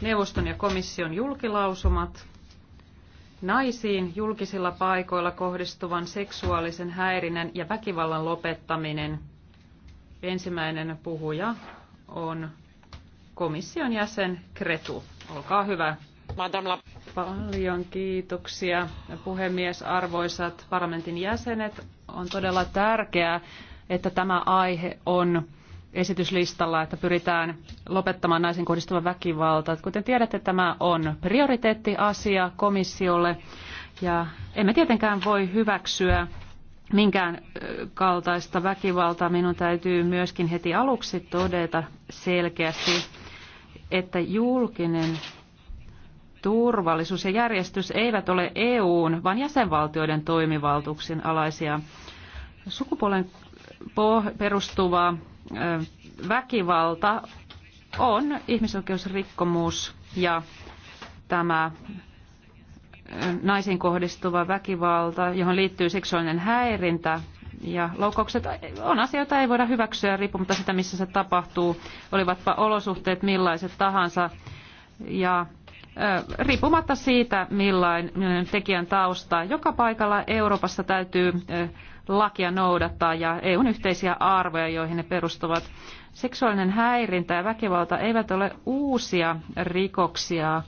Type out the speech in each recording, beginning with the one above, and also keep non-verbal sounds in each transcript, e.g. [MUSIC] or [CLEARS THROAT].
neuvoston ja komission julkilausumat naisiin julkisilla paikoilla kohdistuvan seksuaalisen häirinnän ja väkivallan lopettaminen. Ensimmäinen puhuja on komission jäsen Kretu. Olkaa hyvä. Madame Paljon kiitoksia puhemies, arvoisat parlamentin jäsenet. On todella tärkeää, että tämä aihe on esityslistalla, että pyritään lopettamaan naisen kohdistuva väkivalta. Kuten tiedätte, tämä on prioriteettiasia komissiolle ja emme tietenkään voi hyväksyä minkään kaltaista väkivaltaa. Minun täytyy myöskin heti aluksi todeta selkeästi, että julkinen turvallisuus ja järjestys eivät ole EUn, vaan jäsenvaltioiden toimivaltuuksien alaisia. Sukupuolen perustuva väkivalta on ihmisoikeusrikkomus ja tämä naisiin kohdistuva väkivalta, johon liittyy seksuaalinen häirintä ja loukkaukset on asia, jota ei voida hyväksyä riippumatta sitä, missä se tapahtuu, olivatpa olosuhteet millaiset tahansa. Ja riippumatta siitä, millainen tekijän tausta. Joka paikalla Euroopassa täytyy lakia noudattaa ja EUn yhteisiä arvoja, joihin ne perustuvat. Seksuaalinen häirintä ja väkivalta eivät ole uusia rikoksia,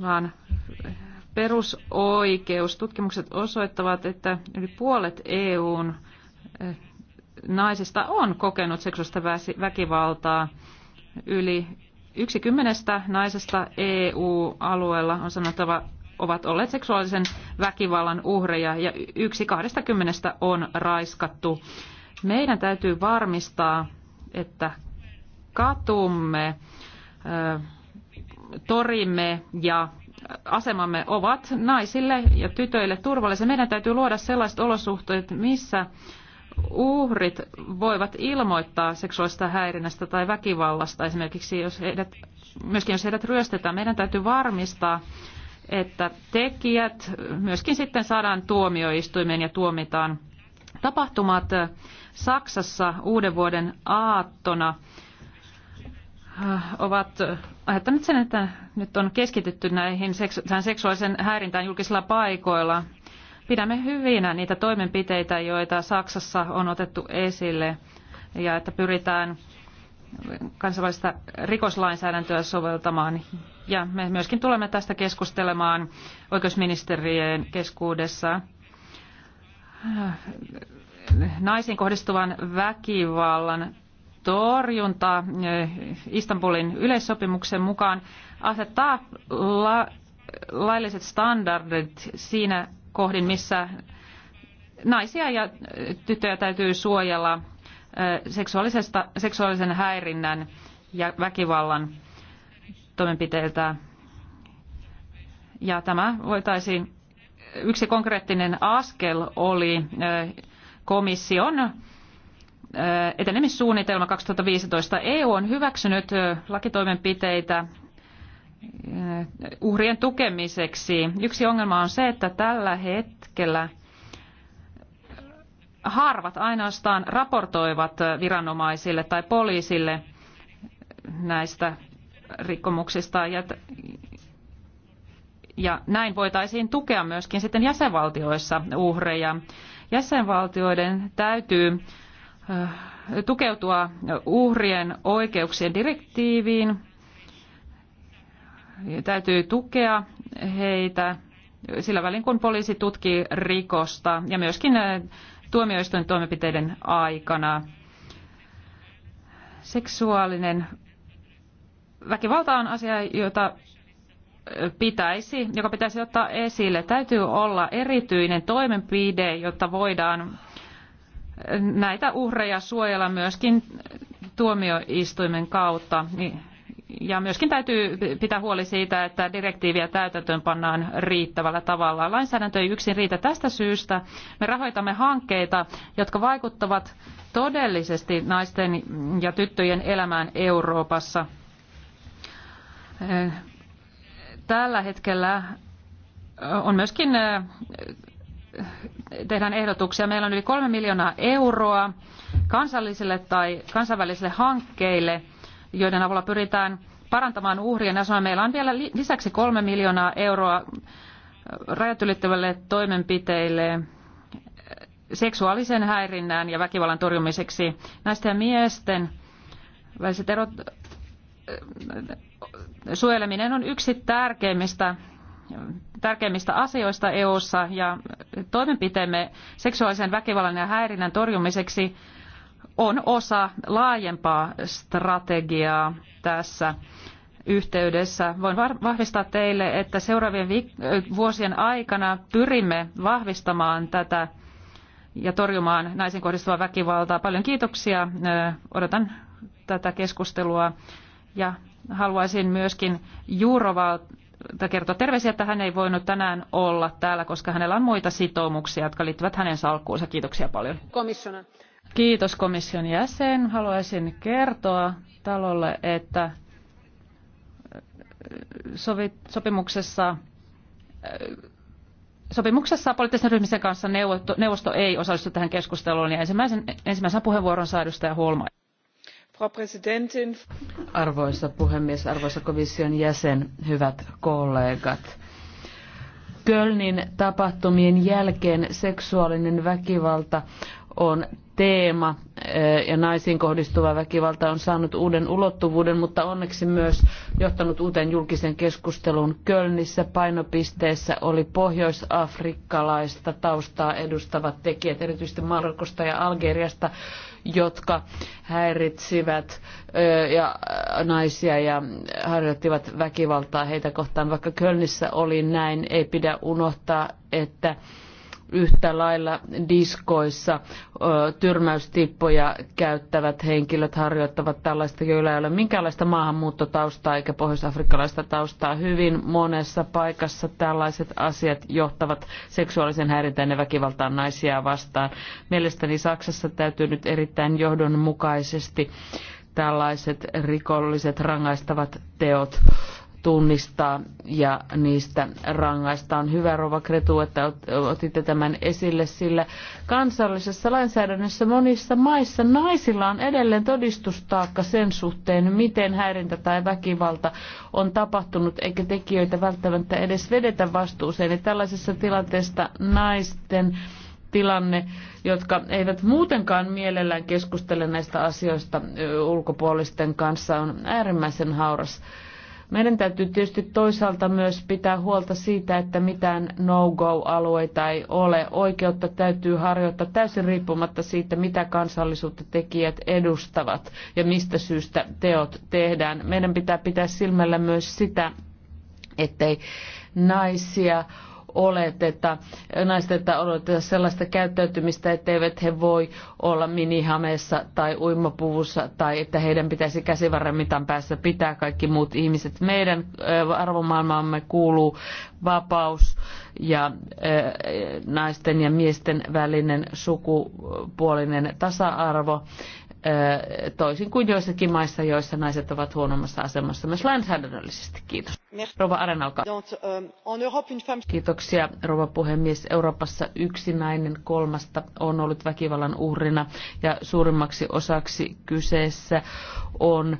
vaan perusoikeus. Tutkimukset osoittavat, että yli puolet EUn naisista on kokenut seksuaalista väkivaltaa. Yli Yksi kymmenestä naisesta EU-alueella on sanottava ovat olleet seksuaalisen väkivallan uhreja ja yksi kahdesta kymmenestä on raiskattu. Meidän täytyy varmistaa, että katumme, torimme ja asemamme ovat naisille ja tytöille turvallisia. Meidän täytyy luoda sellaiset olosuhteet, missä uhrit voivat ilmoittaa seksuaalista häirinnästä tai väkivallasta, esimerkiksi jos heidät, myöskin jos heidät ryöstetään. Meidän täytyy varmistaa, että tekijät myöskin sitten saadaan tuomioistuimeen ja tuomitaan. Tapahtumat Saksassa uuden vuoden aattona äh, ovat ajattaneet sen, että nyt on keskitytty näihin seksu- seksuaalisen häirintään julkisilla paikoilla. Pidämme hyvinä niitä toimenpiteitä, joita Saksassa on otettu esille ja että pyritään kansainvälistä rikoslainsäädäntöä soveltamaan. Ja me myöskin tulemme tästä keskustelemaan oikeusministerien keskuudessa naisiin kohdistuvan väkivallan torjunta Istanbulin yleissopimuksen mukaan asettaa la- lailliset standardit siinä, kohdin, missä naisia ja tyttöjä täytyy suojella seksuaalisesta, seksuaalisen häirinnän ja väkivallan toimenpiteiltä. Ja tämä voitaisiin, yksi konkreettinen askel oli komission etenemissuunnitelma 2015. EU on hyväksynyt lakitoimenpiteitä Äh, uhrien tukemiseksi. Yksi ongelma on se, että tällä hetkellä harvat ainoastaan raportoivat viranomaisille tai poliisille näistä rikkomuksista ja, ja näin voitaisiin tukea myöskin sitten jäsenvaltioissa uhreja. Jäsenvaltioiden täytyy äh, tukeutua uhrien oikeuksien direktiiviin täytyy tukea heitä sillä välin, kun poliisi tutkii rikosta ja myöskin eh, tuomioistuin toimenpiteiden aikana. Seksuaalinen väkivalta on asia, jota eh, pitäisi, joka pitäisi ottaa esille. Täytyy olla erityinen toimenpide, jotta voidaan eh, näitä uhreja suojella myöskin tuomioistuimen kautta. Niin ja myöskin täytyy pitää huoli siitä, että direktiiviä täytäntöön pannaan riittävällä tavalla. Lainsäädäntö ei yksin riitä tästä syystä. Me rahoitamme hankkeita, jotka vaikuttavat todellisesti naisten ja tyttöjen elämään Euroopassa. Tällä hetkellä on myöskin eh, tehdään ehdotuksia. Meillä on yli kolme miljoonaa euroa kansallisille tai kansainvälisille hankkeille – joiden avulla pyritään parantamaan uhrien asemaa. Meillä on vielä lisäksi kolme miljoonaa euroa äh, rajat ylittäville toimenpiteille äh, seksuaalisen häirinnän ja väkivallan torjumiseksi. Naisten ja miesten väliset erot äh, suojeleminen on yksi tärkeimmistä tärkeimmistä asioista EU:ssa ja toimenpiteemme seksuaalisen väkivallan ja häirinnän torjumiseksi on osa laajempaa strategiaa tässä yhteydessä. Voin vahvistaa teille, että seuraavien vuosien aikana pyrimme vahvistamaan tätä ja torjumaan naisiin kohdistuvaa väkivaltaa. Paljon kiitoksia. Odotan tätä keskustelua ja haluaisin myöskin Juurovalta kertoa terveisiä, että hän ei voinut tänään olla täällä, koska hänellä on muita sitoumuksia, jotka liittyvät hänen salkkuunsa. Kiitoksia paljon. Komissona. Kiitos komission jäsen. Haluaisin kertoa talolle, että äh, sopimuksessa äh, sopimuksessa poliittisen ryhmisen kanssa neuvosto, neuvosto ei osallistu tähän keskusteluun ja ensimmäisen, ensimmäisen puheenvuoron saa edustaja Holma. Arvoisa puhemies, arvoisa komission jäsen, hyvät kollegat. Kölnin tapahtumien jälkeen seksuaalinen väkivalta on teema eh, ja naisiin kohdistuva väkivalta on saanut uuden ulottuvuuden, mutta onneksi myös johtanut uuteen julkisen keskusteluun. Kölnissä painopisteessä oli pohjoisafrikkalaista taustaa edustavat tekijät, erityisesti Marokosta ja Algeriasta, jotka häiritsivät eh, ja eh, naisia ja harjoittivat väkivaltaa heitä kohtaan. Vaikka Kölnissä oli näin, ei pidä unohtaa, että yhtä lailla diskoissa tyrmäystippoja käyttävät henkilöt harjoittavat tällaista, joilla ei ole minkäänlaista maahanmuuttotaustaa eikä pohjoisafrikkalaista taustaa. Hyvin monessa paikassa tällaiset asiat johtavat seksuaalisen häirintään ja väkivaltaan naisia vastaan. Mielestäni Saksassa täytyy nyt erittäin johdonmukaisesti tällaiset rikolliset rangaistavat teot tunnistaa ja niistä rangaistaan. Hyvä Rova Kretu, että otitte tämän esille, sillä kansallisessa lainsäädännössä monissa maissa naisilla on edelleen todistustaakka sen suhteen, miten häirintä tai väkivalta on tapahtunut, eikä tekijöitä välttämättä edes vedetä vastuuseen. Eli tällaisessa tilanteessa naisten tilanne, jotka eivät muutenkaan mielellään keskustele näistä asioista ulkopuolisten kanssa, on äärimmäisen hauras meidän täytyy tietysti toisaalta myös pitää huolta siitä, että mitään no-go-alueita ei ole. Oikeutta täytyy harjoittaa täysin riippumatta siitä, mitä kansallisuutta tekijät edustavat ja mistä syystä teot tehdään. Meidän pitää pitää silmällä myös sitä, ettei naisia oleteta, että oleteta sellaista käyttäytymistä, etteivät he voi olla minihameessa tai uimapuvussa tai että heidän pitäisi käsivarremitan päässä pitää kaikki muut ihmiset. Meidän arvomaailmaamme kuuluu vapaus ja naisten ja miesten välinen sukupuolinen tasa-arvo toisin kuin joissakin maissa, joissa naiset ovat huonommassa asemassa myös lainsäädännöllisesti. Kiitos. Rova Aren, alkaa. Euh, Kiitoksia, rova puhemies. Euroopassa yksi nainen kolmasta on ollut väkivallan uhrina ja suurimmaksi osaksi kyseessä on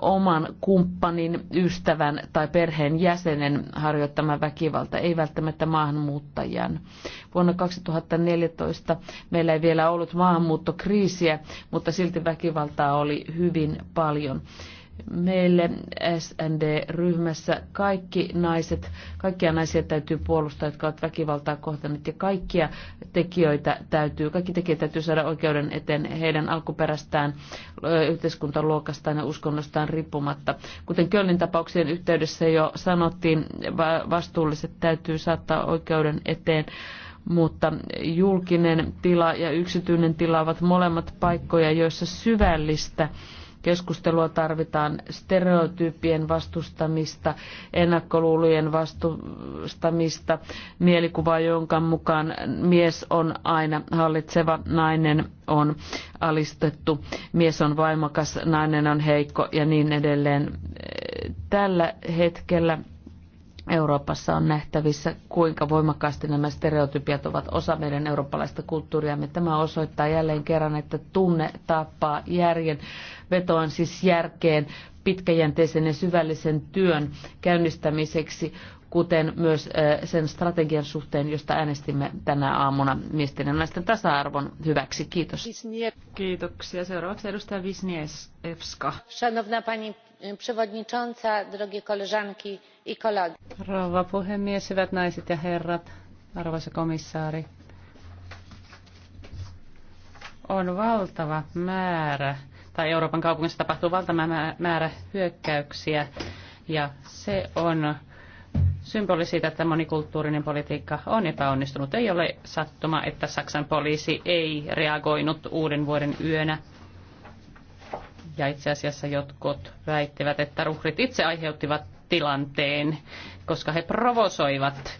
oman kumppanin, ystävän tai perheen jäsenen harjoittama väkivalta, ei välttämättä maahanmuuttajan. Vuonna 2014 meillä ei vielä ollut maahanmuuttokriisiä, mutta silti väkivaltaa oli hyvin paljon. Meille SND-ryhmässä kaikki naiset, kaikkia naisia täytyy puolustaa, jotka ovat väkivaltaa kohtaneet ja kaikkia tekijöitä täytyy, kaikki tekijät täytyy saada oikeuden eteen heidän alkuperästään, yhteiskuntaluokastaan ja uskonnostaan riippumatta. Kuten Kölnin tapauksien yhteydessä jo sanottiin, vastuulliset täytyy saattaa oikeuden eteen mutta julkinen tila ja yksityinen tila ovat molemmat paikkoja, joissa syvällistä Keskustelua tarvitaan stereotyyppien vastustamista, ennakkoluulujen vastustamista, mielikuva, jonka mukaan mies on aina hallitseva, nainen on alistettu, mies on vaimakas, nainen on heikko ja niin edelleen. Tällä hetkellä Euroopassa on nähtävissä, kuinka voimakkaasti nämä stereotypiat ovat osa meidän eurooppalaista kulttuuriamme. Tämä osoittaa jälleen kerran, että tunne tappaa järjen vetoan siis järkeen pitkäjänteisen ja syvällisen työn käynnistämiseksi, kuten myös sen strategian suhteen, josta äänestimme tänä aamuna miesten ja naisten tasa-arvon hyväksi. Kiitos. Kiitoksia. Seuraavaksi edustaja Wisniewska. Szanowna pani rouva puhemies hyvät naiset ja herrat arvoisa komissaari on valtava määrä tai euroopan kaupungeissa tapahtuu valtava määrä hyökkäyksiä ja se on symboli siitä, että monikulttuurinen politiikka on epäonnistunut. Ei ole sattuma, että Saksan poliisi ei reagoinut uuden vuoden yönä ja itse asiassa jotkut väittävät, että ruhrit itse aiheuttivat tilanteen, koska he provosoivat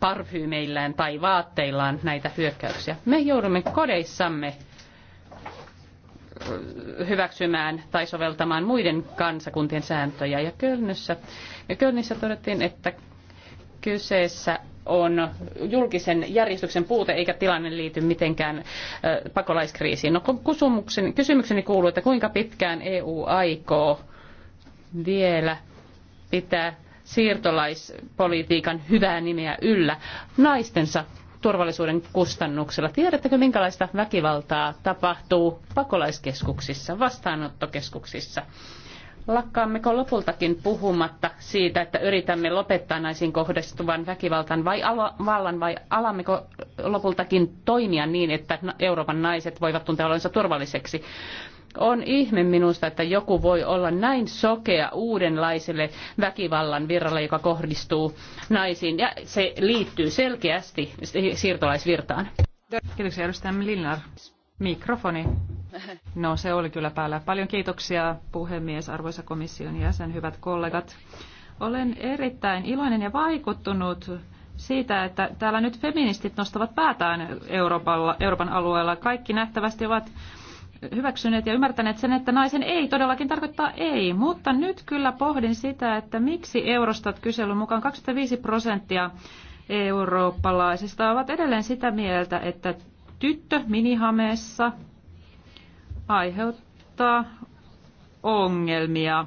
parfyymeillään tai vaatteillaan näitä hyökkäyksiä. Me joudumme kodeissamme hyväksymään tai soveltamaan muiden kansakuntien sääntöjä. Ja Kölnissä, Kölnissä todettiin, että kyseessä on julkisen järjestyksen puute eikä tilanne liity mitenkään pakolaiskriisiin. No, kysymykseni, kysymykseni kuuluu, että kuinka pitkään EU aikoo vielä pitää siirtolaispolitiikan hyvää nimeä yllä naistensa turvallisuuden kustannuksella. Tiedättekö, minkälaista väkivaltaa tapahtuu pakolaiskeskuksissa, vastaanottokeskuksissa? Lakkaammeko lopultakin puhumatta siitä, että yritämme lopettaa naisiin kohdistuvan väkivaltan vai vallan, vai alammeko lopultakin toimia niin, että Euroopan naiset voivat tuntea olonsa turvalliseksi? On ihme minusta, että joku voi olla näin sokea uudenlaiselle väkivallan virralle, joka kohdistuu naisiin, ja se liittyy selkeästi siirtolaisvirtaan. Kiitoksia edustaja Mikrofoni. No se oli kyllä päällä. Paljon kiitoksia puhemies, arvoisa komission jäsen, hyvät kollegat. Olen erittäin iloinen ja vaikuttunut siitä, että täällä nyt feministit nostavat päätään Euroopalla, Euroopan alueella. Kaikki nähtävästi ovat hyväksyneet ja ymmärtäneet sen, että naisen ei todellakin tarkoittaa ei. Mutta nyt kyllä pohdin sitä, että miksi Eurostat-kyselyn mukaan 25 prosenttia eurooppalaisista ovat edelleen sitä mieltä, että tyttö minihameessa aiheuttaa ongelmia.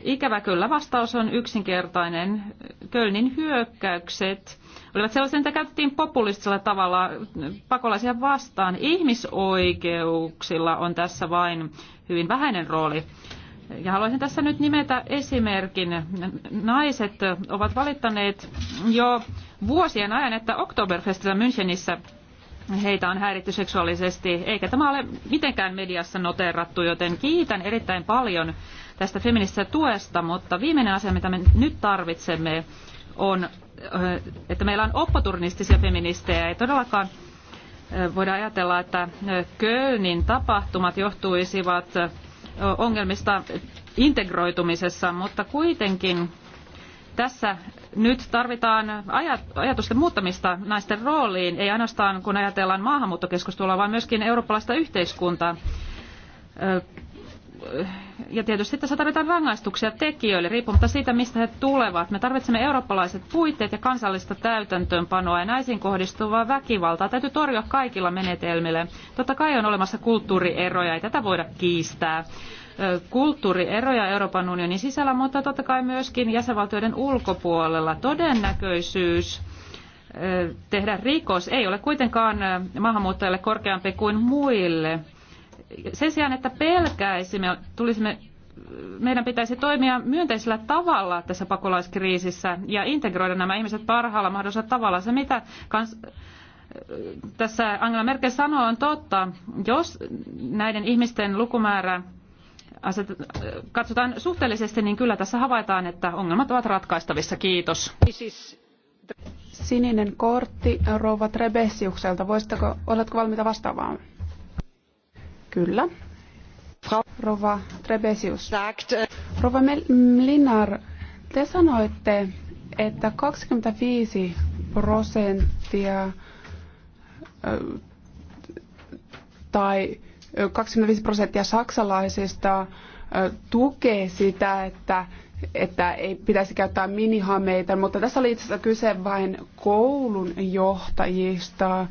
Ikävä kyllä vastaus on yksinkertainen. Kölnin hyökkäykset olivat sellaisia, mitä käytettiin populistisella tavalla pakolaisia vastaan. Ihmisoikeuksilla on tässä vain hyvin vähäinen rooli. Ja haluaisin tässä nyt nimetä esimerkin. Naiset ovat valittaneet jo vuosien ajan, että Oktoberfestillä Münchenissä heitä on häiritty seksuaalisesti, eikä tämä ole mitenkään mediassa noterattu, joten kiitän erittäin paljon tästä feministisestä tuesta, mutta viimeinen asia, mitä me nyt tarvitsemme, on, eh, että meillä on opportunistisia feministejä, ei todellakaan eh, voida ajatella, että eh, Kölnin tapahtumat johtuisivat ongelmista integroitumisessa, mutta kuitenkin tässä nyt tarvitaan ajatusten muuttamista naisten rooliin, ei ainoastaan kun ajatellaan maahanmuuttokeskustelua, vaan myöskin eurooppalaista yhteiskuntaa. Ja tietysti tässä tarvitaan rangaistuksia tekijöille, riippumatta siitä, mistä he tulevat. Me tarvitsemme eurooppalaiset puitteet ja kansallista täytäntöönpanoa ja naisiin kohdistuvaa väkivaltaa täytyy torjua kaikilla menetelmillä. Totta kai on olemassa kulttuurieroja, ei tätä voida kiistää kulttuurieroja Euroopan unionin sisällä, mutta totta kai myöskin jäsenvaltioiden ulkopuolella. Todennäköisyys tehdä rikos ei ole kuitenkaan maahanmuuttajille korkeampi kuin muille. Sen sijaan, että pelkäisimme, tulisimme meidän pitäisi toimia myönteisellä tavalla tässä pakolaiskriisissä ja integroida nämä ihmiset parhaalla mahdollisella tavalla. Se, mitä kans, tässä Angela Merkel sanoo, on totta. Jos näiden ihmisten lukumäärä aset, katsotaan suhteellisesti, niin kyllä tässä havaitaan, että ongelmat ovat ratkaistavissa. Kiitos. Sininen kortti rouva Trebesiukselta. Voisitko, oletko valmiita vastaamaan? Kyllä. Rouva Trebesius. Rouva Linar, te sanoitte, että 25 prosenttia tai 25 prosenttia saksalaisista tukee sitä, että, että ei pitäisi käyttää minihameita, mutta tässä oli itse asiassa kyse vain koulun johtajista.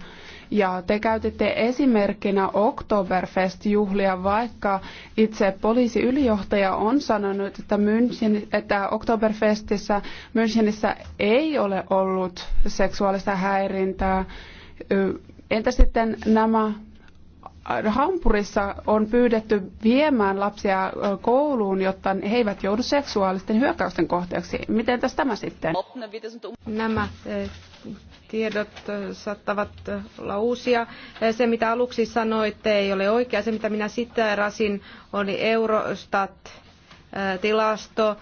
Ja te käytitte esimerkkinä Oktoberfest-juhlia, vaikka itse poliisiylijohtaja on sanonut, että, München, että Oktoberfestissä Münchenissä ei ole ollut seksuaalista häirintää. Entä sitten nämä Hampurissa on pyydetty viemään lapsia kouluun, jotta he eivät joudu seksuaalisten hyökkäysten kohteeksi. Miten tässä tämä sitten? Nämä tiedot saattavat olla uusia. Se, mitä aluksi sanoitte, ei ole oikea. Se, mitä minä siteerasin, oli Eurostat tilasto.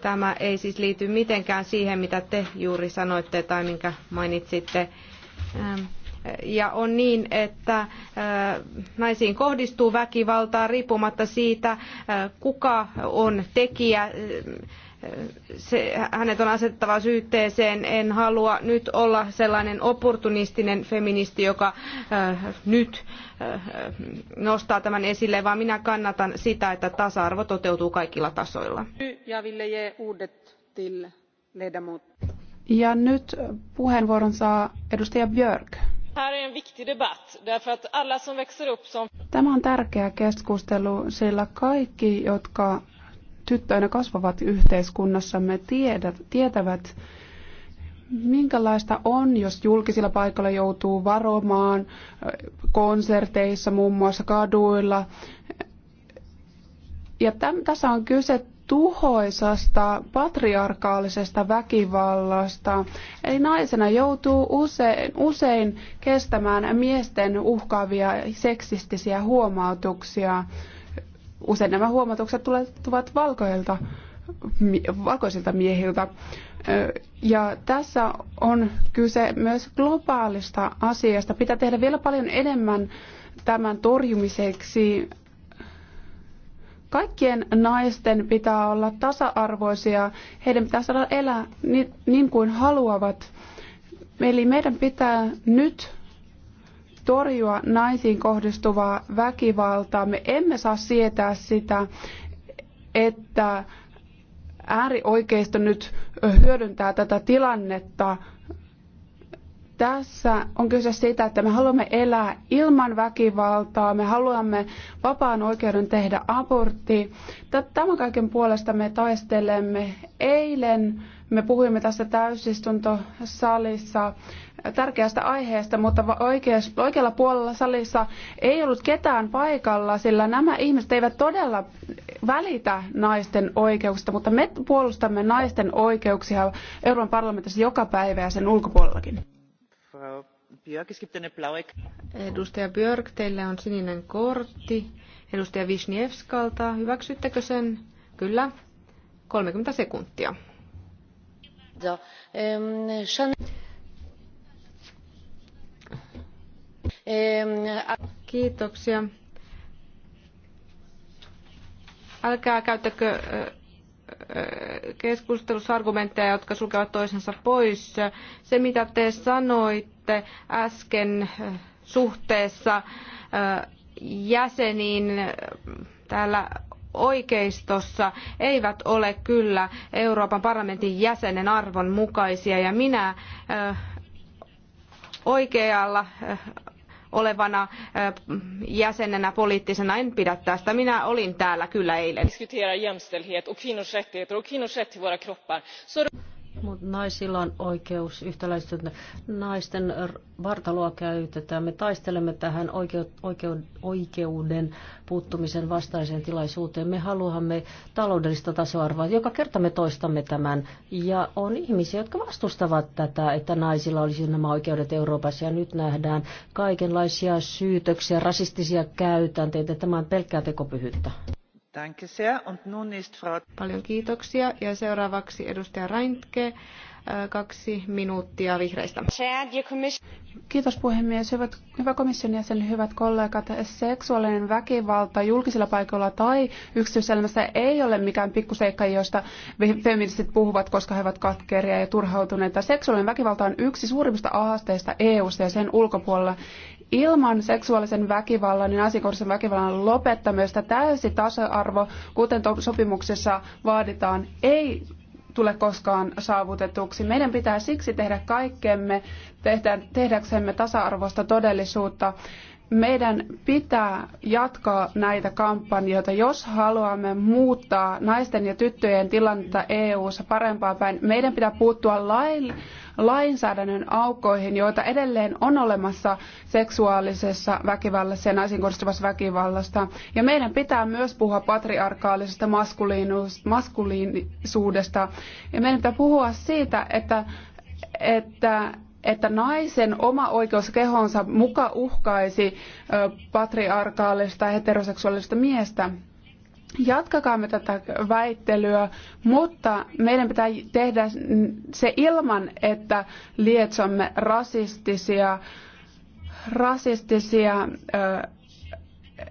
Tämä ei siis liity mitenkään siihen, mitä te juuri sanoitte tai minkä mainitsitte ja on niin, että äh, naisiin kohdistuu väkivaltaa riippumatta siitä, äh, kuka on tekijä. Äh, se, hänet on asettava syytteeseen. En halua nyt olla sellainen opportunistinen feministi, joka nyt nostaa tämän esille, vaan minä kannatan sitä, että tasa-arvo toteutuu kaikilla tasoilla. Ja nyt puheenvuoron saa edustaja Björk. Tämä on tärkeä keskustelu, sillä kaikki, jotka tyttöinä kasvavat yhteiskunnassamme, tiedät, tietävät, minkälaista on, jos julkisilla paikoilla joutuu varomaan, äh, konserteissa muun muassa kaduilla. Ja tässä on kyse tuhoisasta patriarkaalisesta väkivallasta. Eli naisena joutuu usein, usein kestämään miesten uhkaavia seksistisiä huomautuksia. Usein nämä huomautukset tulevat valkoilta, valkoisilta miehiltä. Ja tässä on kyse myös globaalista asiasta. Pitää tehdä vielä paljon enemmän tämän torjumiseksi Kaikkien naisten pitää olla tasa-arvoisia, heidän pitää saada elää niin kuin haluavat. Eli meidän pitää nyt torjua naisiin kohdistuvaa väkivaltaa. Me emme saa sietää sitä, että äärioikeisto nyt hyödyntää tätä tilannetta tässä on kyse siitä, että me haluamme elää ilman väkivaltaa, me haluamme vapaan oikeuden tehdä abortti. Tämän kaiken puolesta me taistelemme. Eilen me puhuimme tässä täysistuntosalissa tärkeästä aiheesta, mutta oikeas, oikealla puolella salissa ei ollut ketään paikalla, sillä nämä ihmiset eivät todella välitä naisten oikeuksista, mutta me puolustamme naisten oikeuksia Euroopan parlamentissa joka päivä ja sen ulkopuolellakin. Edustaja Björk, teillä on sininen kortti. Edustaja Wisniewskalta, hyväksyttekö sen? Kyllä. 30 sekuntia. Kiitoksia. Älkää käyttäkö keskustelussa argumentteja, jotka sulkevat toisensa pois. Se, mitä te sanoitte äsken äh, suhteessa äh, jäseniin äh, täällä oikeistossa eivät ole kyllä Euroopan parlamentin jäsenen arvon mukaisia ja minä oikealla olevana jäsenenä poliittisena en pidä tästä. Minä olin täällä kyllä eilen. Mutta naisilla on oikeus että Naisten vartaloa käytetään. Me taistelemme tähän oikeuden puuttumisen vastaiseen tilaisuuteen. Me haluamme taloudellista tasoarvoa. Joka kerta me toistamme tämän. Ja on ihmisiä, jotka vastustavat tätä, että naisilla olisi nämä oikeudet Euroopassa. Ja nyt nähdään kaikenlaisia syytöksiä, rasistisia käytänteitä. Tämä on pelkkää tekopyhyyttä. Paljon kiitoksia. Ja seuraavaksi edustaja Reintke, äh, kaksi minuuttia vihreistä. Kiitos puhemies. Hyvät, hyvä komission jäsen, hyvät kollegat. Seksuaalinen väkivalta julkisilla paikoilla tai yksityiselämässä ei ole mikään pikkuseikka, josta feministit puhuvat, koska he ovat katkeria ja turhautuneita. Seksuaalinen väkivalta on yksi suurimmista haasteista EU-ssa ja sen ulkopuolella ilman seksuaalisen väkivallan ja naisikohdisen väkivallan lopettamista täysi tasa-arvo, kuten sopimuksessa vaaditaan, ei tule koskaan saavutetuksi. Meidän pitää siksi tehdä kaikkemme tehdä, tehdäksemme tasa arvoista todellisuutta. Meidän pitää jatkaa näitä kampanjoita, jos haluamme muuttaa naisten ja tyttöjen tilannetta EU-ssa parempaan päin. Meidän pitää puuttua lailla lainsäädännön aukoihin, joita edelleen on olemassa seksuaalisessa väkivallassa ja naisiin kohdistuvassa väkivallasta. Ja meidän pitää myös puhua patriarkaalisesta maskuliinisuudesta. Ja meidän pitää puhua siitä, että, että että naisen oma oikeus kehonsa muka uhkaisi patriarkaalista heteroseksuaalista miestä jatkakaamme tätä väittelyä, mutta meidän pitää tehdä se ilman, että lietsomme rasistisia, rasistisia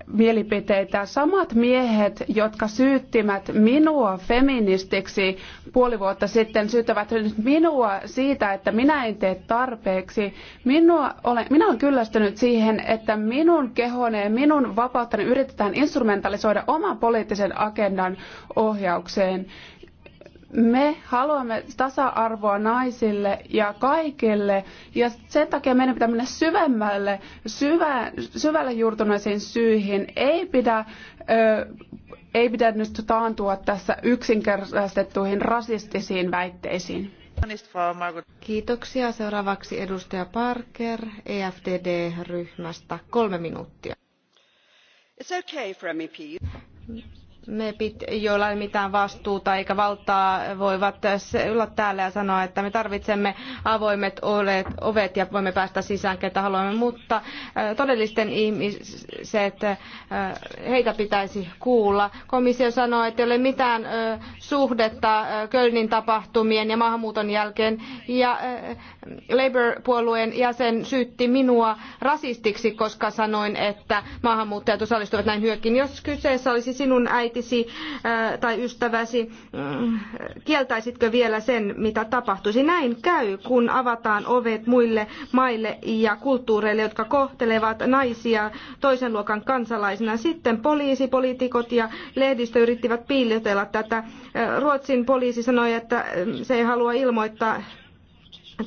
mielipiteitä. Samat miehet, jotka syyttivät minua feministiksi puoli vuotta sitten, syyttävät nyt minua siitä, että minä en tee tarpeeksi. Minua olen, minä olen kyllästynyt siihen, että minun kehoni ja minun vapauttani yritetään instrumentalisoida oman poliittisen agendan ohjaukseen me haluamme tasa-arvoa naisille ja kaikille, ja sen takia meidän pitää mennä syvemmälle, syvä, syvälle juurtuneisiin syihin. Ei pidä, ö, ei pidä nyt taantua tässä yksinkertaistettuihin rasistisiin väitteisiin. Kiitoksia. Seuraavaksi edustaja Parker EFDD-ryhmästä. Kolme minuuttia. It's okay for mepit, joilla ei mitään vastuuta eikä valtaa, voivat olla täällä ja sanoa, että me tarvitsemme avoimet ovet ja voimme päästä sisään, ketä haluamme, mutta äh, todellisten ihmiset, äh, heitä pitäisi kuulla. Komissio sanoo, että ei ole mitään äh, suhdetta Kölnin tapahtumien ja maahanmuuton jälkeen, ja Labour-puolueen jäsen syytti minua rasistiksi, koska sanoin, että maahanmuuttajat osallistuvat näin hyökin. Jos kyseessä olisi sinun äiti, äitisi tai ystäväsi, mm, kieltäisitkö vielä sen, mitä tapahtuisi? Näin käy, kun avataan ovet muille maille ja kulttuureille, jotka kohtelevat naisia toisen luokan kansalaisina. Sitten poliisi, poliitikot ja lehdistö yrittivät piilotella tätä. Ruotsin poliisi sanoi, että se ei halua ilmoittaa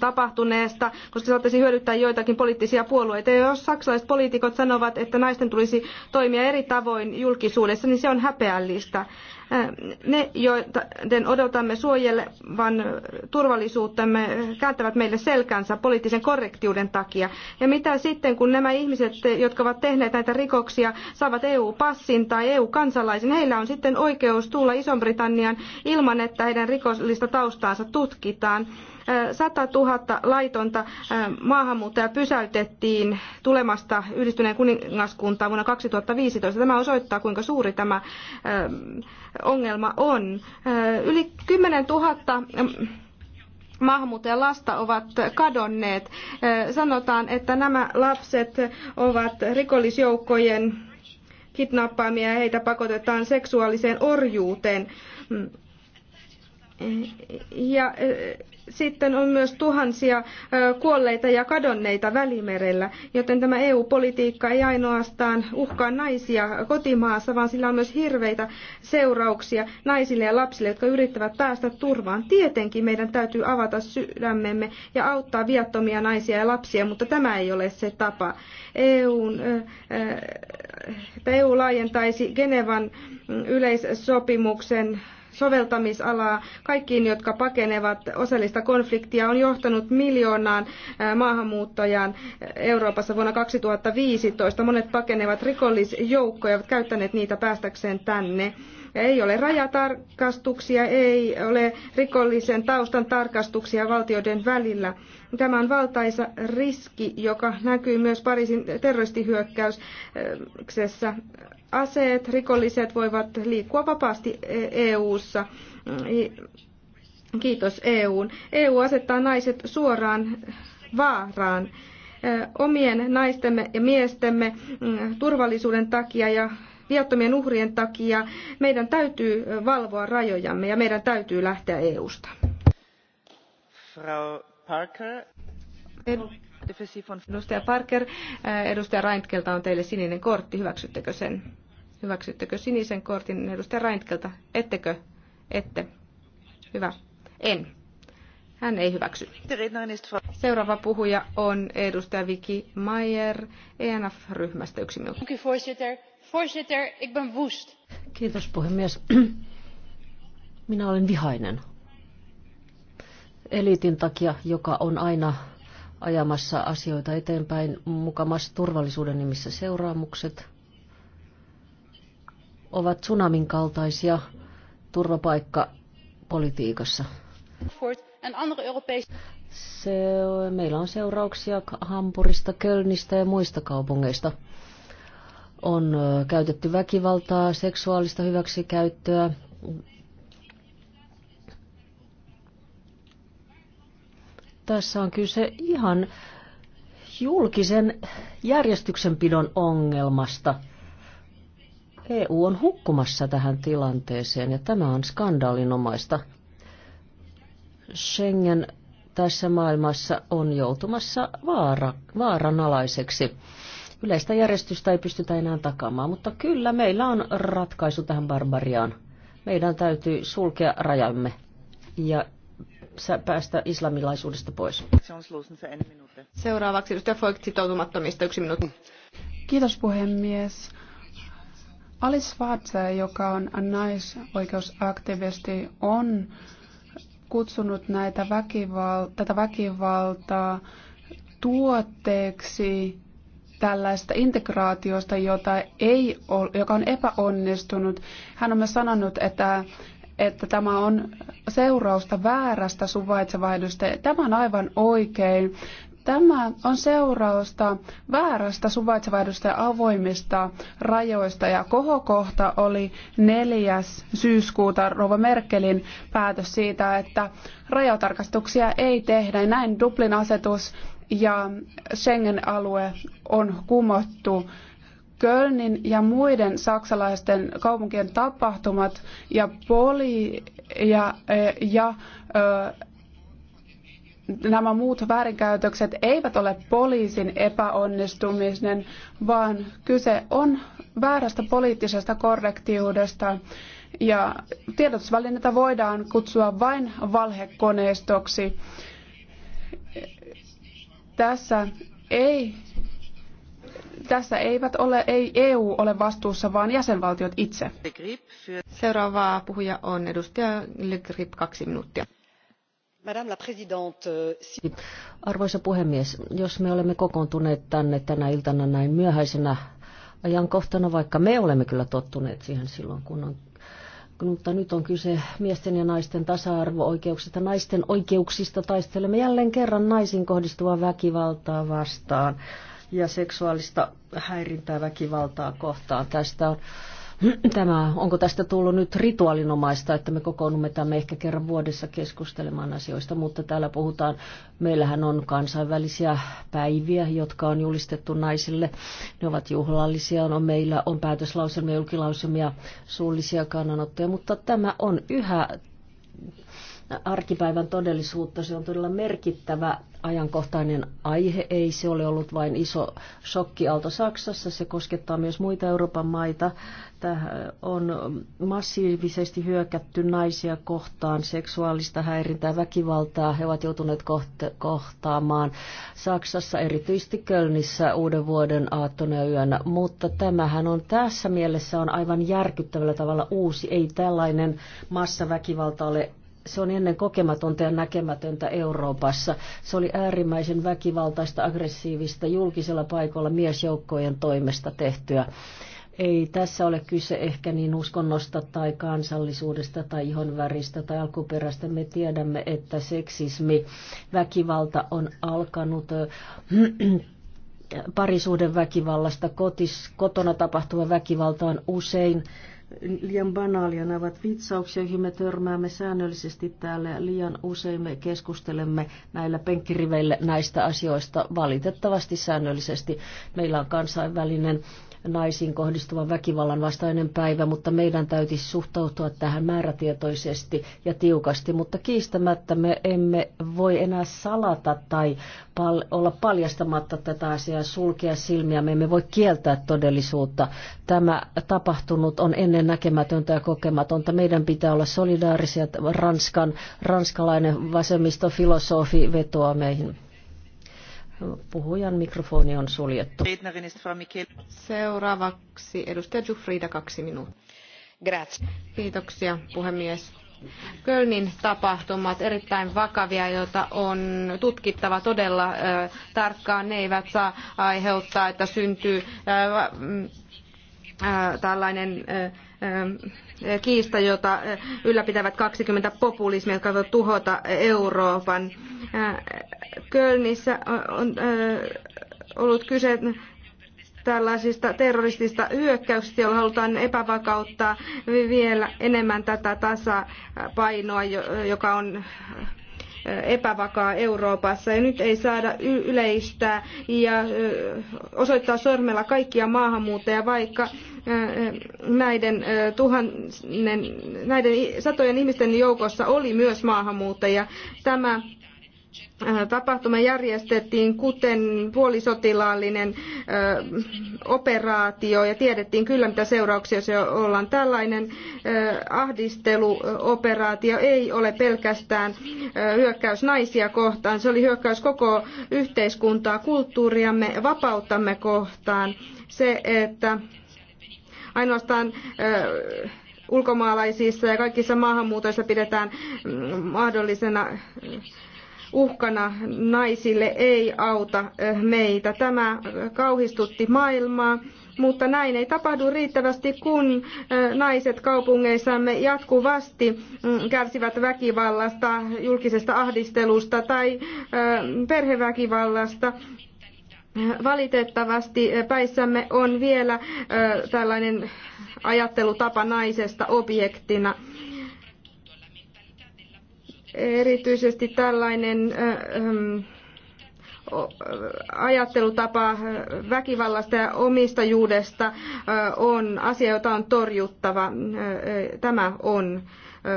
tapahtuneesta, koska se saattaisi hyödyttää joitakin poliittisia puolueita. Ja jos saksalaiset poliitikot sanovat, että naisten tulisi toimia eri tavoin julkisuudessa, niin se on häpeällistä. Äh, ne, joiden odotamme suojelevan turvallisuuttamme, kääntävät meille selkänsä poliittisen korrektiuden takia. Ja mitä sitten, kun nämä ihmiset, jotka ovat tehneet näitä rikoksia, saavat EU-passin tai EU-kansalaisen, heillä on sitten oikeus tulla Iso-Britanniaan ilman, että heidän rikollista taustaansa tutkitaan. 100 000 laitonta maahanmuuttajaa pysäytettiin tulemasta yhdistyneen kuningaskuntaan vuonna 2015. Tämä osoittaa, kuinka suuri tämä ongelma on. Yli 10 000 maahanmuuttajan lasta ovat kadonneet. Sanotaan, että nämä lapset ovat rikollisjoukkojen kidnappaamia ja heitä pakotetaan seksuaaliseen orjuuteen. Mm. Ja sitten on myös tuhansia kuolleita ja kadonneita välimerellä, joten tämä EU-politiikka ei ainoastaan uhkaa naisia kotimaassa, vaan sillä on myös hirveitä seurauksia naisille ja lapsille, jotka yrittävät päästä turvaan. Tietenkin meidän täytyy avata sydämemme ja auttaa viattomia naisia ja lapsia, mutta tämä ei ole se tapa. EUn, että EU laajentaisi Genevan yleissopimuksen soveltamisalaa kaikkiin, jotka pakenevat osallista konfliktia, on johtanut miljoonaan maahanmuuttajaan Euroopassa vuonna 2015. Monet pakenevat rikollisjoukkoja, ovat käyttäneet niitä päästäkseen tänne ei ole rajatarkastuksia, ei ole rikollisen taustan tarkastuksia valtioiden välillä. Tämä on valtaisa riski, joka näkyy myös Pariisin terroristihyökkäyksessä aseet, rikolliset voivat liikkua vapaasti EU:ssa. E Kiitos EUn. EU asettaa naiset suoraan vaaraan omien naistemme ja miestemme mm, turvallisuuden takia ja viattomien uhrien takia meidän täytyy valvoa rajojamme ja meidän täytyy lähteä EUsta. Frau Parker. Edustaja Parker, edustaja Reintkelta on teille sininen kortti. Hyväksyttekö sen? Hyväksyttekö sinisen kortin edustaja Reintkeltä? Ettekö? Ette. Hyvä. En. Hän ei hyväksy. Seuraava puhuja on edustaja Vicky Mayer ENF-ryhmästä yksi minuutti. Kiitos puhemies. Minä olen vihainen. Eliitin takia, joka on aina ajamassa asioita eteenpäin, mukamassa turvallisuuden nimissä seuraamukset, ovat tsunamin kaltaisia turvapaikkapolitiikassa. Se, meillä on seurauksia Hampurista, Kölnistä ja muista kaupungeista. On käytetty väkivaltaa, seksuaalista hyväksikäyttöä. Tässä on kyse ihan julkisen järjestyksenpidon ongelmasta – EU on hukkumassa tähän tilanteeseen ja tämä on skandaalinomaista. Schengen tässä maailmassa on joutumassa vaara, vaaranalaiseksi. Yleistä järjestystä ei pystytä enää takaamaan, mutta kyllä meillä on ratkaisu tähän barbariaan. Meidän täytyy sulkea rajamme ja päästä islamilaisuudesta pois. Seuraavaksi edustaja Voigt sitoutumattomista yksi minuutti. Kiitos puhemies. Alice Schwarze, joka on naisoikeusaktivisti, on kutsunut näitä väkival- tätä väkivaltaa tuotteeksi tällaista integraatiosta, jota ei ole, joka on epäonnistunut. Hän on myös sanonut, että, että tämä on seurausta väärästä suvaitsevaihdosta. Tämä on aivan oikein. Tämä on seurausta väärästä suvaitsevaihdosta ja avoimista rajoista ja kohokohta oli 4. syyskuuta Rova Merkelin päätös siitä, että rajatarkastuksia ei tehdä. Näin Dublin asetus ja Schengen-alue on kumottu. Kölnin ja muiden saksalaisten kaupunkien tapahtumat ja poli ja, ja, ja nämä muut väärinkäytökset eivät ole poliisin epäonnistuminen, vaan kyse on väärästä poliittisesta korrektiudesta. Ja tiedotusvälineitä voidaan kutsua vain valhekoneistoksi. Tässä ei tässä eivät ole, ei EU ole vastuussa, vaan jäsenvaltiot itse. Seuraava puhuja on edustaja Le Grip, kaksi minuuttia. Euh, Arvoisa puhemies, jos me olemme kokoontuneet tänne tänä iltana näin myöhäisenä ajankohtana, vaikka me olemme kyllä tottuneet siihen silloin, kun on mutta nyt on kyse miesten ja naisten tasa-arvo-oikeuksista. Naisten oikeuksista taistelemme jälleen kerran naisiin kohdistuvaa väkivaltaa vastaan ja seksuaalista häirintää väkivaltaa kohtaan. Tästä on tämä, onko tästä tullut nyt rituaalinomaista, että me kokoonnumme tänne ehkä kerran vuodessa keskustelemaan asioista, mutta täällä puhutaan, meillähän on kansainvälisiä päiviä, jotka on julistettu naisille. Ne ovat juhlallisia, no, meillä on päätöslauselmia, julkilausumia, suullisia kannanottoja, mutta tämä on yhä arkipäivän todellisuutta. Se on todella merkittävä ajankohtainen aihe. Ei se ole ollut vain iso shokkiaalto Saksassa, se koskettaa myös muita Euroopan maita. Tähän on massiivisesti hyökätty naisia kohtaan, seksuaalista häirintää, väkivaltaa. He ovat joutuneet kohtaamaan Saksassa, erityisesti Kölnissä uuden vuoden aattona ja yönä. Mutta tämähän on tässä mielessä on aivan järkyttävällä tavalla uusi. Ei tällainen massaväkivalta ole se on ennen kokematonta ja näkemätöntä Euroopassa. Se oli äärimmäisen väkivaltaista, aggressiivista julkisella paikalla miesjoukkojen toimesta tehtyä. Ei tässä ole kyse ehkä niin uskonnosta tai kansallisuudesta tai ihonväristä tai alkuperästä. Me tiedämme, että seksismi, väkivalta on alkanut äh, [CLEARS THROAT] parisuuden väkivallasta. Kotis, kotona tapahtuva väkivalta on usein liian banaalia. Nämä ovat vitsauksia, joihin me törmäämme säännöllisesti täällä ja liian usein me keskustelemme näillä penkkiriveillä näistä asioista valitettavasti säännöllisesti. Meillä on kansainvälinen naisiin kohdistuvan väkivallan vastainen päivä, mutta meidän täytyisi suhtautua tähän määrätietoisesti ja tiukasti. Mutta kiistämättä me emme voi enää salata tai pal- olla paljastamatta tätä asiaa, sulkea silmiä. Me emme voi kieltää todellisuutta. Tämä tapahtunut on ennen näkemätöntä ja kokematonta. Meidän pitää olla solidaarisia. Ranskan, ranskalainen vasemmistofilosofi vetoaa meihin. Puhujan mikrofoni on suljettu. Seuraavaksi edustaja Jufrida kaksi minuuttia. Kiitoksia puhemies. Kölnin tapahtumat erittäin vakavia, joita on tutkittava todella tarkkaan. Ne eivät saa aiheuttaa, että syntyy tällainen äh, Ähm, kiista, jota äh, ylläpitävät 20 populismia, jotka voivat tuhota Euroopan. Äh, Kölnissä on äh, ollut kyse tällaisista terroristista hyökkäyksistä, joilla halutaan epävakauttaa vielä enemmän tätä tasapainoa, joka on epävakaa Euroopassa. Ja nyt ei saada yleistää ja osoittaa sormella kaikkia maahanmuuttajia, vaikka näiden, tuhannen, näiden satojen ihmisten joukossa oli myös maahanmuuttajia. Tämä Äh, tapahtuma järjestettiin kuten puolisotilaallinen äh, operaatio ja tiedettiin kyllä mitä seurauksia se ollaan. Tällainen äh, ahdisteluoperaatio ei ole pelkästään hyökkäys naisia kohtaan, se oli hyökkäys koko yhteiskuntaa, kulttuuriamme, vapauttamme kohtaan. Se, että ainoastaan ulkomaalaisissa ja kaikissa maahanmuutoissa pidetään mm, mahdollisena uhkana naisille ei auta eh, meitä. Tämä eh, kauhistutti maailmaa, mutta näin ei tapahdu riittävästi, kun eh, naiset kaupungeissamme jatkuvasti mm, kärsivät väkivallasta, julkisesta ahdistelusta tai perheväkivallasta. Valitettavasti päissämme on vielä tällainen ajattelutapa naisesta objektina. Erityisesti tällainen ajattelutapa väkivallasta ja omistajuudesta on asia, jota on torjuttava. Tämä on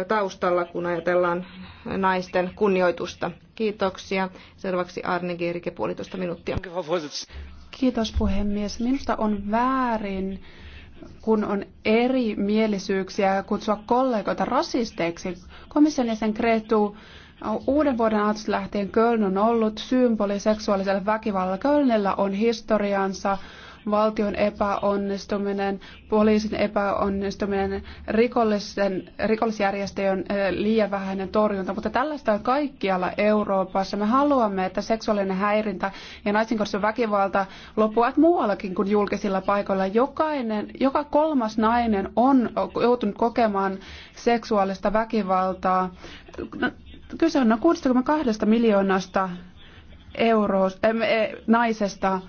taustalla, kun ajatellaan naisten kunnioitusta. Kiitoksia. Seuraavaksi Arne Gerike, puolitoista minuuttia. Kiitos puhemies. Minusta on väärin kun on eri mielisyyksiä kutsua kollegoita rasisteiksi. Komission jäsen Kretu uuden vuoden aatosta lähtien Köln on ollut symboli seksuaaliselle väkivallalle. Kölnillä on historiansa valtion epäonnistuminen, poliisin epäonnistuminen, rikollisen, rikollisjärjestöjen eh, liian vähäinen torjunta, mutta tällaista on kaikkialla Euroopassa. Me haluamme, että seksuaalinen häirintä ja naisiin kohdistuva väkivalta loppuvat muuallakin kuin julkisilla paikoilla. Jokainen, joka kolmas nainen on joutunut kokemaan seksuaalista väkivaltaa. Kyse on 62 miljoonasta euro, äh, eh, naisesta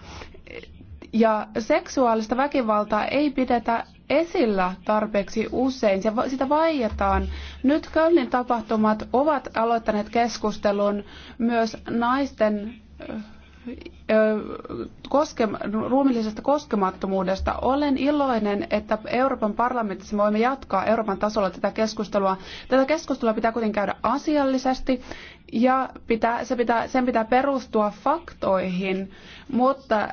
ja seksuaalista väkivaltaa ei pidetä esillä tarpeeksi usein. Se, sitä vaietaan. Nyt Kölnin tapahtumat ovat aloittaneet keskustelun myös naisten koske, ruumiillisesta koskemattomuudesta. Olen iloinen, että Euroopan parlamentissa voimme jatkaa Euroopan tasolla tätä keskustelua. Tätä keskustelua pitää kuitenkin käydä asiallisesti ja pitää, se pitää, sen pitää perustua faktoihin, mutta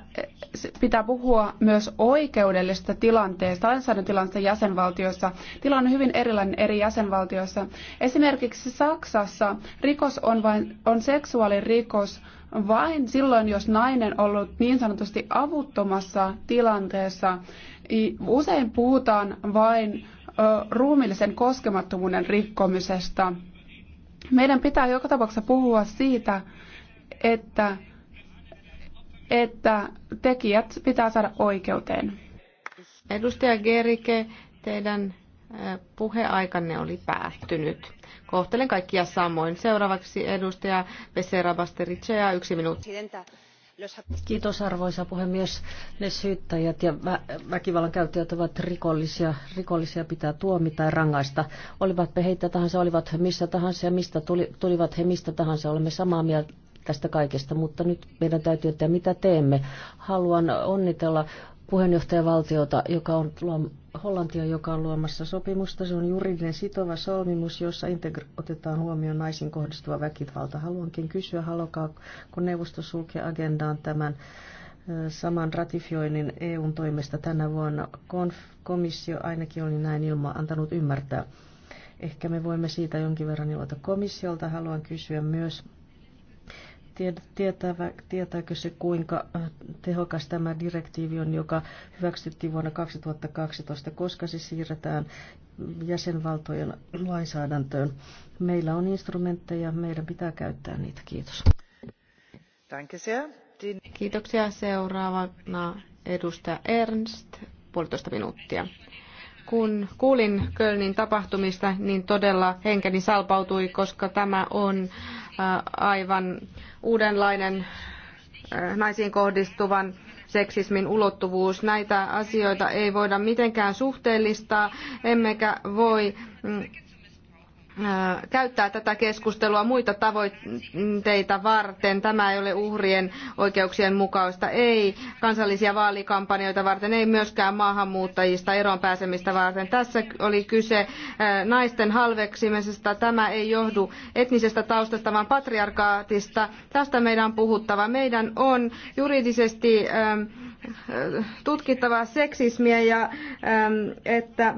pitää puhua myös oikeudellisesta tilanteesta, lainsäädäntötilanteesta jäsenvaltioissa. Tilanne on hyvin erilainen eri jäsenvaltioissa. Esimerkiksi Saksassa rikos on vain on seksuaalirikos vain silloin, jos nainen on ollut niin sanotusti avuttomassa tilanteessa. Usein puhutaan vain ruumillisen koskemattomuuden rikkomisesta. Meidän pitää joka tapauksessa puhua siitä, että, että tekijät pitää saada oikeuteen. Edustaja Gerike, teidän Puheaikanne oli päättynyt. Kohtelen kaikkia samoin. Seuraavaksi edustaja Pesera Basterice ja yksi minuutti. Kiitos arvoisa puhemies. Ne syyttäjät ja vä- väkivallan käyttäjät ovat rikollisia. Rikollisia pitää tuomita ja rangaista. Olivat he heitä tahansa, olivat missä tahansa ja mistä tuli, tulivat he mistä tahansa. Olemme samaa mieltä tästä kaikesta, mutta nyt meidän täytyy, että mitä teemme. Haluan onnitella puheenjohtajavaltiota, joka on luom Hollantia, joka on luomassa sopimusta. Se on juridinen sitova solmimus, jossa integro- otetaan huomioon naisiin kohdistuva väkivalta. Haluankin kysyä, haluaako neuvosto sulkea agendaan tämän saman ratifioinnin EUn toimesta tänä vuonna. Konf- komissio ainakin oli näin ilma antanut ymmärtää. Ehkä me voimme siitä jonkin verran ilota komissiolta. Haluan kysyä myös tietävä, tietääkö se, kuinka tehokas tämä direktiivi on, joka hyväksyttiin vuonna 2012, koska se siirretään jäsenvaltojen lainsäädäntöön. Meillä on instrumentteja, meidän pitää käyttää niitä. Kiitos. Kiitoksia. Seuraavana edustaja Ernst, puolitoista minuuttia. Kun kuulin Kölnin tapahtumista, niin todella henkeni salpautui, koska tämä on aivan uudenlainen naisiin kohdistuvan seksismin ulottuvuus. Näitä asioita ei voida mitenkään suhteellistaa, emmekä voi mm, käyttää tätä keskustelua muita tavoitteita varten. Tämä ei ole uhrien oikeuksien mukaista, ei kansallisia vaalikampanjoita varten, ei myöskään maahanmuuttajista eroon pääsemistä varten. Tässä oli kyse naisten halveksimisesta. Tämä ei johdu etnisestä taustasta, vaan patriarkaatista. Tästä meidän on puhuttava. Meidän on juridisesti tutkittava seksismiä ja että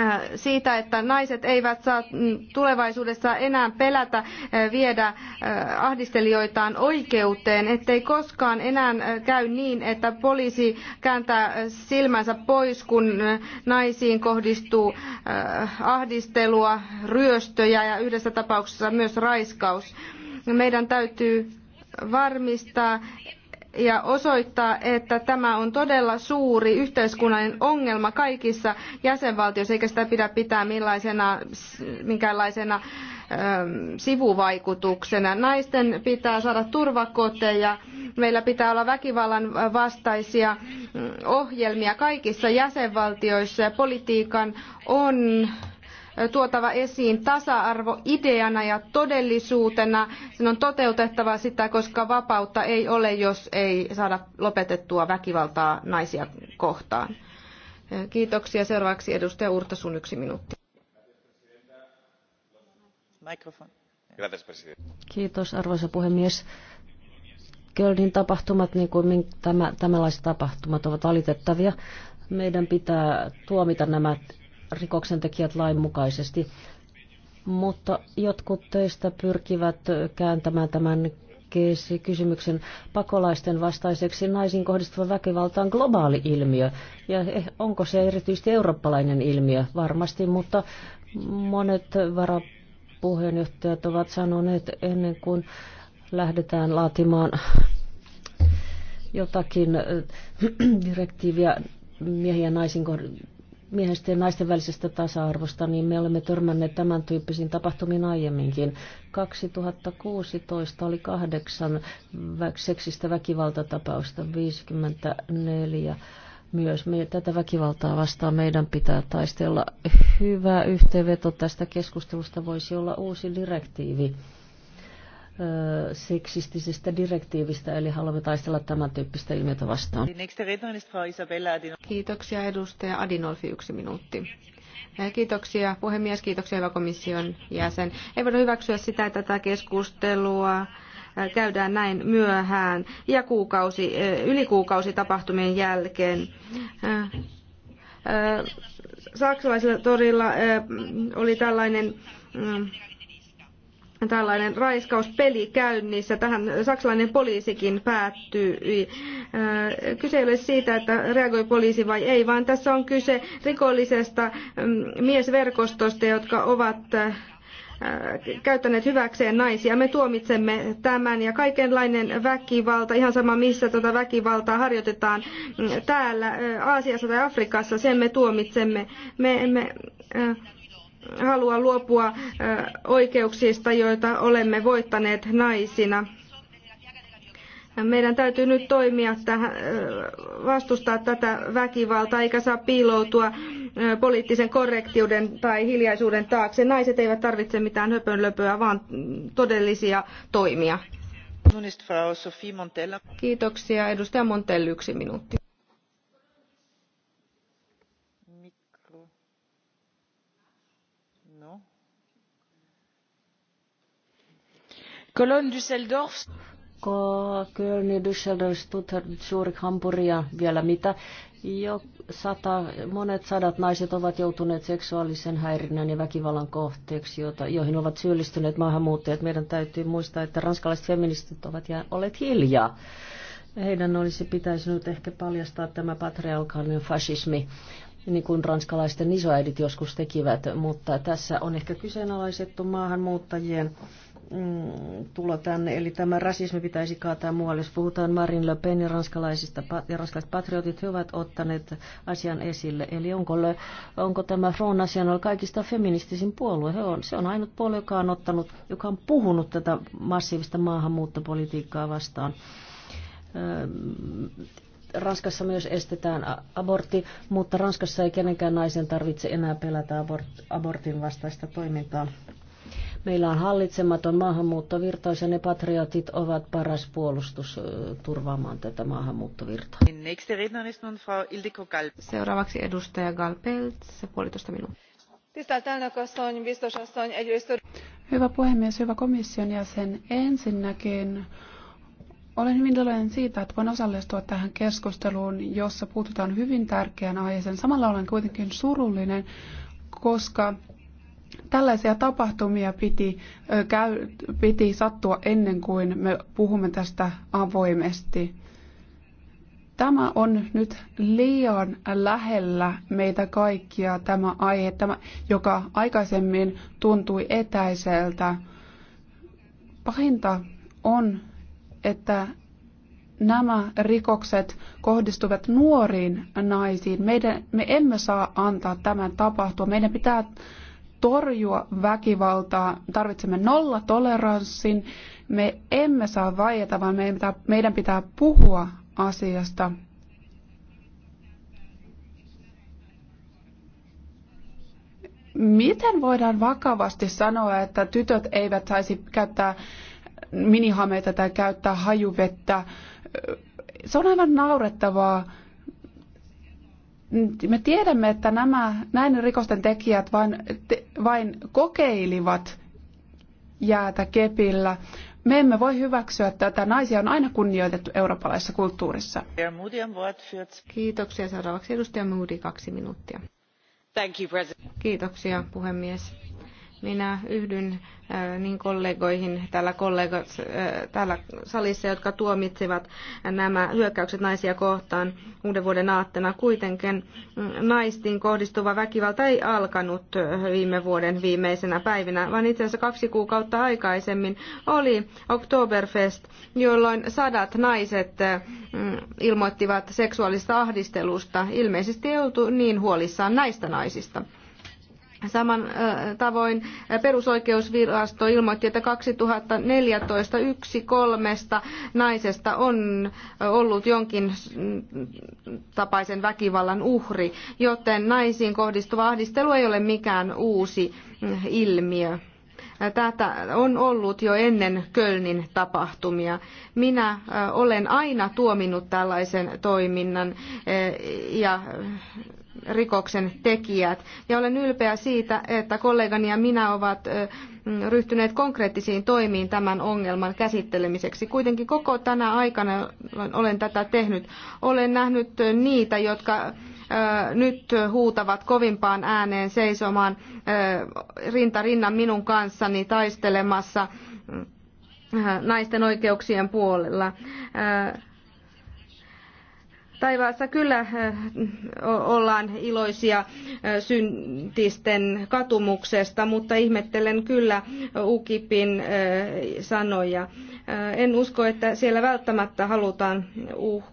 Äh, siitä, että naiset eivät saa mm, tulevaisuudessa enää pelätä äh, viedä äh, ahdistelijoitaan oikeuteen, ettei koskaan enää käy niin, että poliisi kääntää silmänsä pois, kun naisiin kohdistuu ahdistelua, ryöstöjä ja yhdessä tapauksessa myös raiskaus. Meidän täytyy varmistaa, ja osoittaa, että tämä on todella suuri yhteiskunnallinen ongelma kaikissa jäsenvaltioissa, eikä sitä pidä pitää millaisena, minkäänlaisena ähm, sivuvaikutuksena. Naisten pitää saada turvakoteja, meillä pitää olla väkivallan vastaisia äh, ohjelmia kaikissa jäsenvaltioissa ja politiikan on tuotava esiin tasa-arvo ideana ja todellisuutena. Sen on toteutettava sitä, koska vapautta ei ole, jos ei saada lopetettua väkivaltaa naisia kohtaan. Kiitoksia. Seuraavaksi edustaja Urtasun yksi minuutti. Kiitos arvoisa puhemies. Kölnin tapahtumat, niin kuin tämä, tämänlaiset tapahtumat, ovat valitettavia. Meidän pitää tuomita nämä rikoksentekijät lainmukaisesti. Mutta jotkut teistä pyrkivät kääntämään tämän kysymyksen pakolaisten vastaiseksi naisiin kohdistuva väkivalta on globaali ilmiö. Ja onko se erityisesti eurooppalainen ilmiö? Varmasti, mutta monet varapuheenjohtajat ovat sanoneet ennen kuin lähdetään laatimaan jotakin direktiiviä miehiä ja naisiin miehestä ja naisten välisestä tasa-arvosta, niin me olemme törmänneet tämän tyyppisiin tapahtumiin aiemminkin. 2016 oli kahdeksan seksistä väkivaltatapausta, 54 myös me, tätä väkivaltaa vastaan meidän pitää taistella. Hyvä yhteenveto tästä keskustelusta voisi olla uusi direktiivi seksistisestä direktiivistä, eli haluamme taistella tämän tyyppistä ilmiötä vastaan. Kiitoksia edustaja Adinolfi, yksi minuutti. Äh, kiitoksia puhemies, kiitoksia hyvä komission jäsen. Ei voida hyväksyä sitä tätä keskustelua äh, käydään näin myöhään ja kuukausi, äh, yli kuukausi tapahtumien jälkeen. Saksalaisilla torilla oli tällainen mm, tällainen raiskauspeli käynnissä. Tähän saksalainen poliisikin päättyi. Äh, kyse ei ole siitä, että reagoi poliisi vai ei, vaan tässä on kyse rikollisesta mm, miesverkostosta, jotka ovat äh, käyttäneet hyväkseen naisia. Me tuomitsemme tämän ja kaikenlainen väkivalta, ihan sama missä tätä tuota väkivaltaa harjoitetaan mm, täällä äh, Aasiassa tai Afrikassa, sen me tuomitsemme. Me emme äh, halua luopua oikeuksista, joita olemme voittaneet naisina. Meidän täytyy nyt toimia tähän, vastustaa tätä väkivaltaa, eikä saa piiloutua poliittisen korrektiuden tai hiljaisuuden taakse. Naiset eivät tarvitse mitään höpönlöpöä, vaan todellisia toimia. Kiitoksia. Edustaja Montell, yksi minuutti Cologne, Düsseldorf. Kölni, Düsseldorf, Stuttgart, Zurich, Hamburg ja vielä mitä. Jo sata, monet sadat naiset ovat joutuneet seksuaalisen häirinnän ja väkivallan kohteeksi, joita, joihin ovat syyllistyneet maahanmuuttajat. Meidän täytyy muistaa, että ranskalaiset feministit ovat jää, olleet hiljaa. Heidän olisi pitäisi nyt ehkä paljastaa tämä patriarkaalinen fasismi niin kuin ranskalaisten isoäidit joskus tekivät, mutta tässä on ehkä kyseenalaisettu maahanmuuttajien mm, tulo tänne. Eli tämä rasismi pitäisi kaataa muualle. Jos puhutaan Marin Le Pen ja ranskalaisista ja ranskalaiset patriotit, he ovat ottaneet asian esille. Eli onko, le, onko tämä Front National kaikista feministisin puolue? He on, se on ainut puolue, joka on, ottanut, joka on puhunut tätä massiivista maahanmuuttopolitiikkaa vastaan. Öö, Ranskassa myös estetään abortti, mutta Ranskassa ei kenenkään naisen tarvitse enää pelätä abortin vastaista toimintaa. Meillä on hallitsematon maahanmuuttovirta ja ne patriotit ovat paras puolustus turvaamaan tätä maahanmuuttovirtaa. Seuraavaksi edustaja Galpelts, puolitoista minuuttia. Hyvä puhemies, hyvä komission jäsen. Ensinnäkin olen hyvin iloinen siitä, että voin osallistua tähän keskusteluun, jossa puututaan hyvin tärkeään aiheeseen. Samalla olen kuitenkin surullinen, koska Tällaisia tapahtumia piti, käy, piti sattua ennen kuin me puhumme tästä avoimesti. Tämä on nyt liian lähellä meitä kaikkia tämä aihe, tämä, joka aikaisemmin tuntui etäiseltä. Pahinta on, että nämä rikokset kohdistuvat nuoriin naisiin. Meidän, me emme saa antaa tämän tapahtua. Meidän pitää torjua väkivaltaa, tarvitsemme nolla toleranssin, me emme saa vaieta, vaan meidän pitää puhua asiasta. Miten voidaan vakavasti sanoa, että tytöt eivät saisi käyttää minihameita tai käyttää hajuvettä? Se on aivan naurettavaa me tiedämme, että nämä näin rikosten tekijät vain, te, vain kokeilivat jäätä kepillä. Me emme voi hyväksyä tätä. Naisia on aina kunnioitettu eurooppalaisessa kulttuurissa. Kiitoksia. Seuraavaksi edustaja Moody, kaksi minuuttia. Kiitoksia, puhemies minä yhdyn äh, niin kollegoihin täällä, kollegat, äh, täällä salissa, jotka tuomitsivat nämä hyökkäykset naisia kohtaan uuden vuoden aattena. Kuitenkin mm, naistiin kohdistuva väkivalta ei alkanut viime vuoden viimeisenä päivinä, vaan itse asiassa kaksi kuukautta aikaisemmin oli Oktoberfest, jolloin sadat naiset äh, mm, ilmoittivat seksuaalista ahdistelusta. Ilmeisesti ei oltu niin huolissaan näistä naisista. Saman tavoin perusoikeusvirasto ilmoitti, että 2014 yksi kolmesta naisesta on ollut jonkin tapaisen väkivallan uhri, joten naisiin kohdistuva ahdistelu ei ole mikään uusi mm, ilmiö. Tätä on ollut jo ennen Kölnin tapahtumia. Minä olen aina tuominnut tällaisen toiminnan ja rikoksen tekijät. Ja olen ylpeä siitä, että kollegani ja minä ovat mm, ryhtyneet konkreettisiin toimiin tämän ongelman käsittelemiseksi. Kuitenkin koko tänä aikana olen tätä tehnyt. Olen nähnyt niitä, jotka nyt huutavat kovimpaan ääneen seisomaan rinta rinnan minun kanssani taistelemassa mm, naisten oikeuksien puolella taivaassa kyllä eh, ollaan iloisia eh, syntisten katumuksesta, mutta ihmettelen kyllä Ukipin eh, sanoja. En usko, että siellä välttämättä halutaan uh,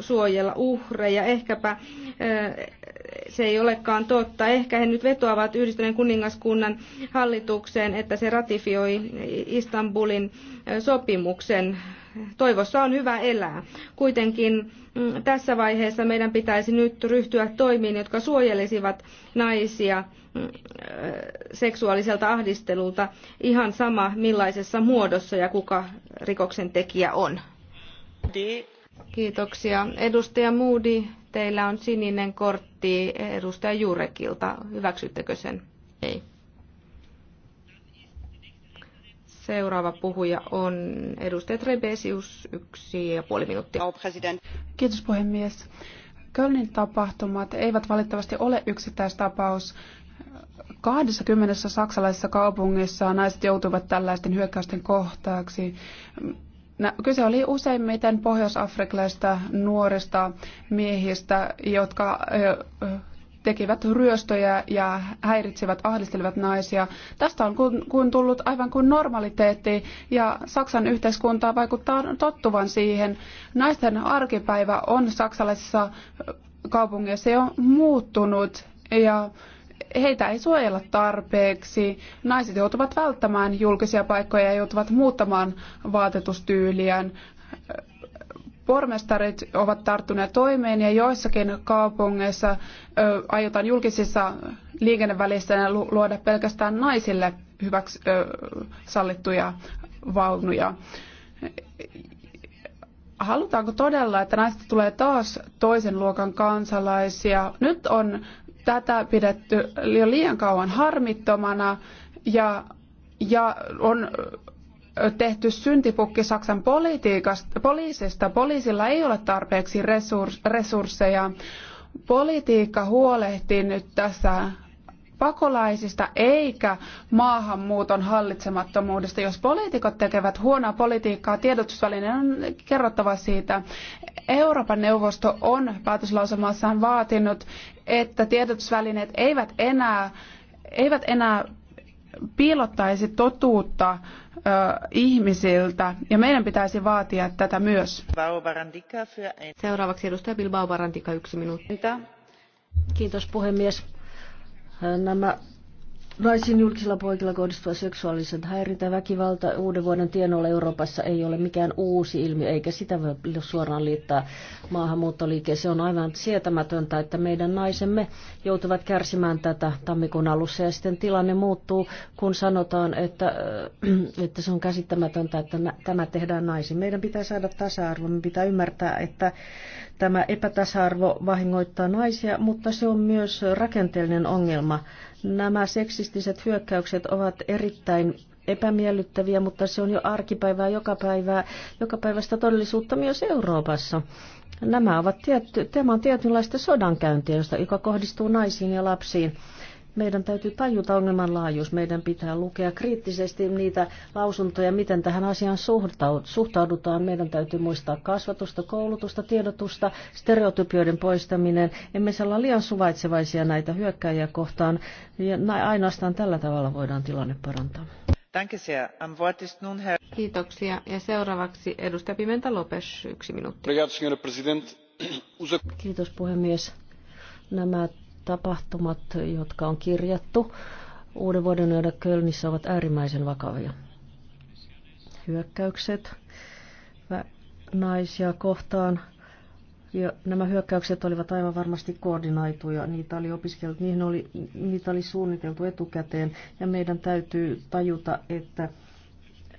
suojella uhreja. Ehkäpä se ei olekaan totta. Ehkä he nyt vetoavat yhdistyneen kuningaskunnan hallitukseen, että se ratifioi Istanbulin sopimuksen toivossa on hyvä elää. Kuitenkin mm, tässä vaiheessa meidän pitäisi nyt ryhtyä toimiin, jotka suojelisivat naisia mm, äh, seksuaaliselta ahdistelulta ihan sama millaisessa muodossa ja kuka rikoksen tekijä on. Kiitoksia. Edustaja Moody, teillä on sininen kortti edustaja Jurekilta. Hyväksyttekö sen? Ei. Seuraava puhuja on edustaja Trebesius, yksi ja puoli minuuttia. Kiitos puhemies. Kölnin tapahtumat eivät valitettavasti ole yksittäistapaus. 20 saksalaisessa kaupungissa naiset joutuivat tällaisten hyökkäysten kohtaaksi. Kyse oli useimmiten pohjois-afrikkalaisista nuorista miehistä, jotka tekivät ryöstöjä ja häiritsevät ahdistelivat naisia. Tästä on kun, kun tullut aivan kuin normaliteetti ja Saksan yhteiskunta vaikuttaa tottuvan siihen. Naisten arkipäivä on saksalaisessa kaupungeissa jo muuttunut ja heitä ei suojella tarpeeksi. Naiset joutuvat välttämään julkisia paikkoja ja joutuvat muuttamaan vaatetustyyliään pormestarit ovat tarttuneet toimeen ja joissakin kaupungeissa aiotaan julkisissa liikennevälissä luoda pelkästään naisille hyväksi sallittuja vaunuja. Halutaanko todella, että näistä tulee taas toisen luokan kansalaisia? Nyt on tätä pidetty jo liian kauan harmittomana ja, ja on tehty syntipukki Saksan poliisista. Poliisilla ei ole tarpeeksi resursseja. Politiikka huolehtii nyt tässä pakolaisista eikä maahanmuuton hallitsemattomuudesta. Jos poliitikot tekevät huonoa politiikkaa, tiedotusvälineen on kerrottava siitä. Euroopan neuvosto on päätöslauselmassaan vaatinut, että tiedotusvälineet eivät enää eivät enää piilottaisi totuutta ö, ihmisiltä ja meidän pitäisi vaatia tätä myös. Seuraavaksi edustaja Bilbao Barandika, yksi minuutti. Kiitos puhemies. Nämä Naisiin julkisilla poikilla kohdistuva seksuaalisen häirintä väkivalta uuden vuoden tienoilla Euroopassa ei ole mikään uusi ilmiö, eikä sitä voi suoraan liittää Se On aivan sietämätöntä, että meidän naisemme joutuvat kärsimään tätä tammikuun alussa ja sitten tilanne muuttuu, kun sanotaan, että, äh, että se on käsittämätöntä, että tämä tehdään naisiin. Meidän pitää saada tasa-arvo, me pitää ymmärtää, että tämä epätasa-arvo vahingoittaa naisia, mutta se on myös rakenteellinen ongelma Nämä seksistiset hyökkäykset ovat erittäin epämiellyttäviä, mutta se on jo arkipäivää, joka päivää, joka päivästä todellisuutta myös Euroopassa. Nämä ovat tietty, tämä on tietynlaista sodankäyntiä, joka kohdistuu naisiin ja lapsiin meidän täytyy tajuta ongelman laajuus. Meidän pitää lukea kriittisesti niitä lausuntoja, miten tähän asiaan suhtaudutaan. Meidän täytyy muistaa kasvatusta, koulutusta, tiedotusta, stereotypioiden poistaminen. Emme saa olla liian suvaitsevaisia näitä hyökkäjiä kohtaan. Ja ainoastaan tällä tavalla voidaan tilanne parantaa. Kiitoksia. Ja seuraavaksi edustaja Pimenta Lopes, yksi minuutti. [CLEARS THROAT] Kiitos puhemies. Nämä tapahtumat, jotka on kirjattu uuden vuoden yöllä Kölnissä, ovat äärimmäisen vakavia. Hyökkäykset naisia kohtaan. Ja nämä hyökkäykset olivat aivan varmasti koordinoituja. Niitä oli opiskeltu, niihin oli, niitä oli suunniteltu etukäteen. Ja meidän täytyy tajuta, että,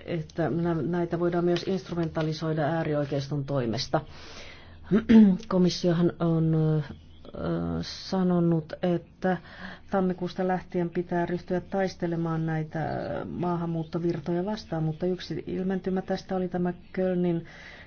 että näitä voidaan myös instrumentalisoida äärioikeiston toimesta. [CLEARS THROAT] Komissiohan on sanonut, että tammikuusta lähtien pitää ryhtyä taistelemaan näitä maahanmuuttovirtoja vastaan, mutta yksi ilmentymä tästä oli tämä Kölnin,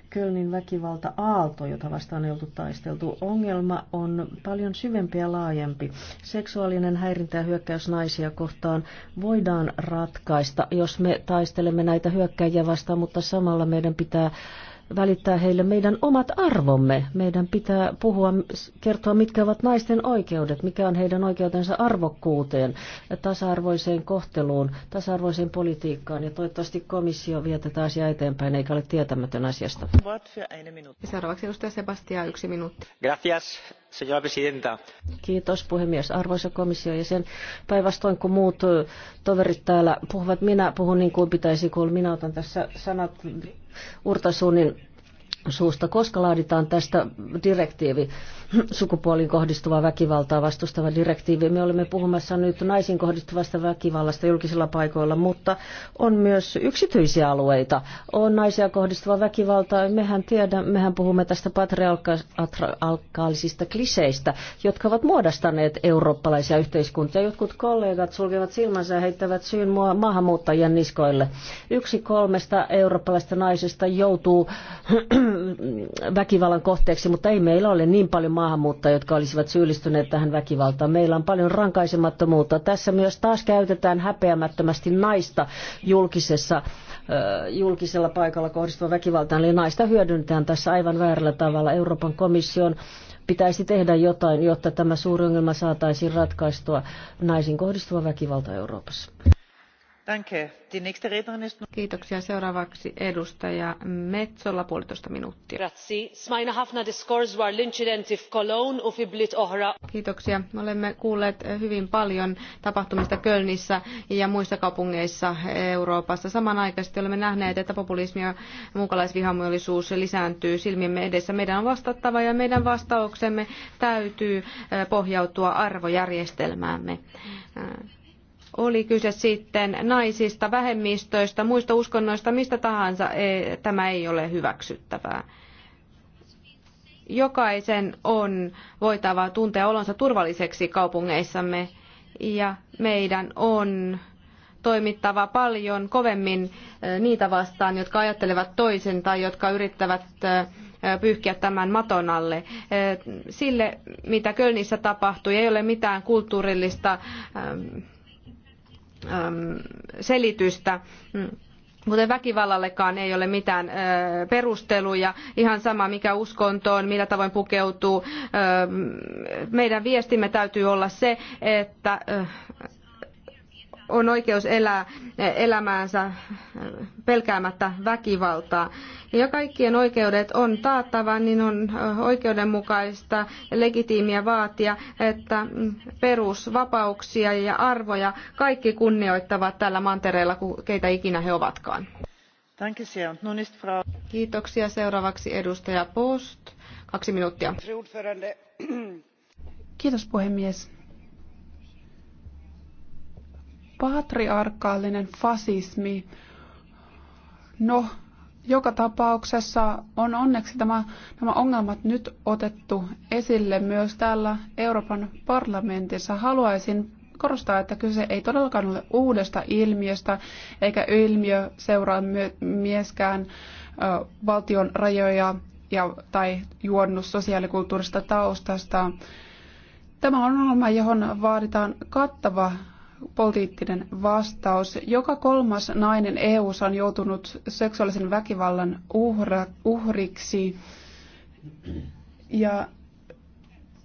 Kölnin väkivalta-aalto, jota vastaan ei oltu taisteltu. Ongelma on paljon syvempi ja laajempi. Seksuaalinen häirintä ja hyökkäys naisia kohtaan voidaan ratkaista, jos me taistelemme näitä hyökkäjiä vastaan, mutta samalla meidän pitää välittää heille meidän omat arvomme. Meidän pitää puhua, kertoa, mitkä ovat naisten oikeudet, mikä on heidän oikeutensa arvokkuuteen, tasa-arvoiseen kohteluun, tasa-arvoiseen politiikkaan. Ja toivottavasti komissio vie tätä asiaa eteenpäin, eikä ole tietämätön asiasta. Seuraavaksi edustaja sebastian yksi minuutti. Gracias, señora presidenta. Kiitos puhemies. Arvoisa komissio ja sen päinvastoin kuin muut toverit täällä puhuvat, minä puhun niin kuin pitäisi, kun minä otan tässä sanat Urta Suunnin suusta, koska laaditaan tästä direktiivi, sukupuoliin kohdistuvaa väkivaltaa vastustava direktiivi. Me olemme puhumassa nyt naisiin kohdistuvasta väkivallasta julkisilla paikoilla, mutta on myös yksityisiä alueita. On naisia kohdistuva väkivalta. Mehän tiedä, mehän puhumme tästä patriarkaalisista kliseistä, jotka ovat muodostaneet eurooppalaisia yhteiskuntia. Jotkut kollegat sulkevat silmänsä ja heittävät syyn maahanmuuttajien niskoille. Yksi kolmesta eurooppalaista naisesta joutuu väkivallan kohteeksi, mutta ei meillä ole niin paljon maahanmuuttajia, jotka olisivat syyllistyneet tähän väkivaltaan. Meillä on paljon rankaisemattomuutta. Tässä myös taas käytetään häpeämättömästi naista julkisessa julkisella paikalla kohdistuva väkivalta, eli naista hyödynnetään tässä aivan väärällä tavalla. Euroopan komission pitäisi tehdä jotain, jotta tämä suuri ongelma saataisiin ratkaistua. Naisiin kohdistuva väkivalta Euroopassa. Kiitoksia. Seuraavaksi edustaja Metsola, puolitoista minuuttia. Kiitoksia. Olemme kuulleet hyvin paljon tapahtumista Kölnissä ja muissa kaupungeissa Euroopassa. Samanaikaisesti olemme nähneet, että populismi ja muukalaisvihamielisuus lisääntyy silmiemme edessä. Meidän on vastattava ja meidän vastauksemme täytyy eh, pohjautua arvojärjestelmäämme. Eh, oli kyse sitten naisista, vähemmistöistä, muista uskonnoista, mistä tahansa, e, tämä ei ole hyväksyttävää. Jokaisen on voitava tuntea olonsa turvalliseksi kaupungeissamme ja meidän on toimittava paljon kovemmin e, niitä vastaan, jotka ajattelevat toisen tai jotka yrittävät e, pyyhkiä tämän maton alle. Sille, mitä Kölnissä tapahtui, ei ole mitään kulttuurillista Ähm, selitystä. Kuten väkivallallekaan ei ole mitään äh, perusteluja, ihan sama mikä uskonto on, millä tavoin pukeutuu. Ähm, meidän viestimme täytyy olla se, että äh, on oikeus elää elämäänsä pelkäämättä väkivaltaa. Ja kaikkien oikeudet on taattava, niin on oikeudenmukaista ja legitiimiä vaatia, että mm, perusvapauksia ja arvoja kaikki kunnioittavat tällä mantereella, keitä ikinä he ovatkaan. Kiitoksia. Seuraavaksi edustaja Post. Kaksi minuuttia. Kiitos puhemies patriarkaalinen fasismi. No, joka tapauksessa on onneksi tämä, nämä ongelmat nyt otettu esille myös täällä Euroopan parlamentissa. Haluaisin korostaa, että kyse ei todellakaan ole uudesta ilmiöstä, eikä ilmiö seuraa mieskään valtion rajoja ja, tai juonnut sosiaalikulttuurista taustasta. Tämä on ongelma, johon vaaditaan kattava poliittinen vastaus. Joka kolmas nainen eu on joutunut seksuaalisen väkivallan uhra, uhriksi. Ja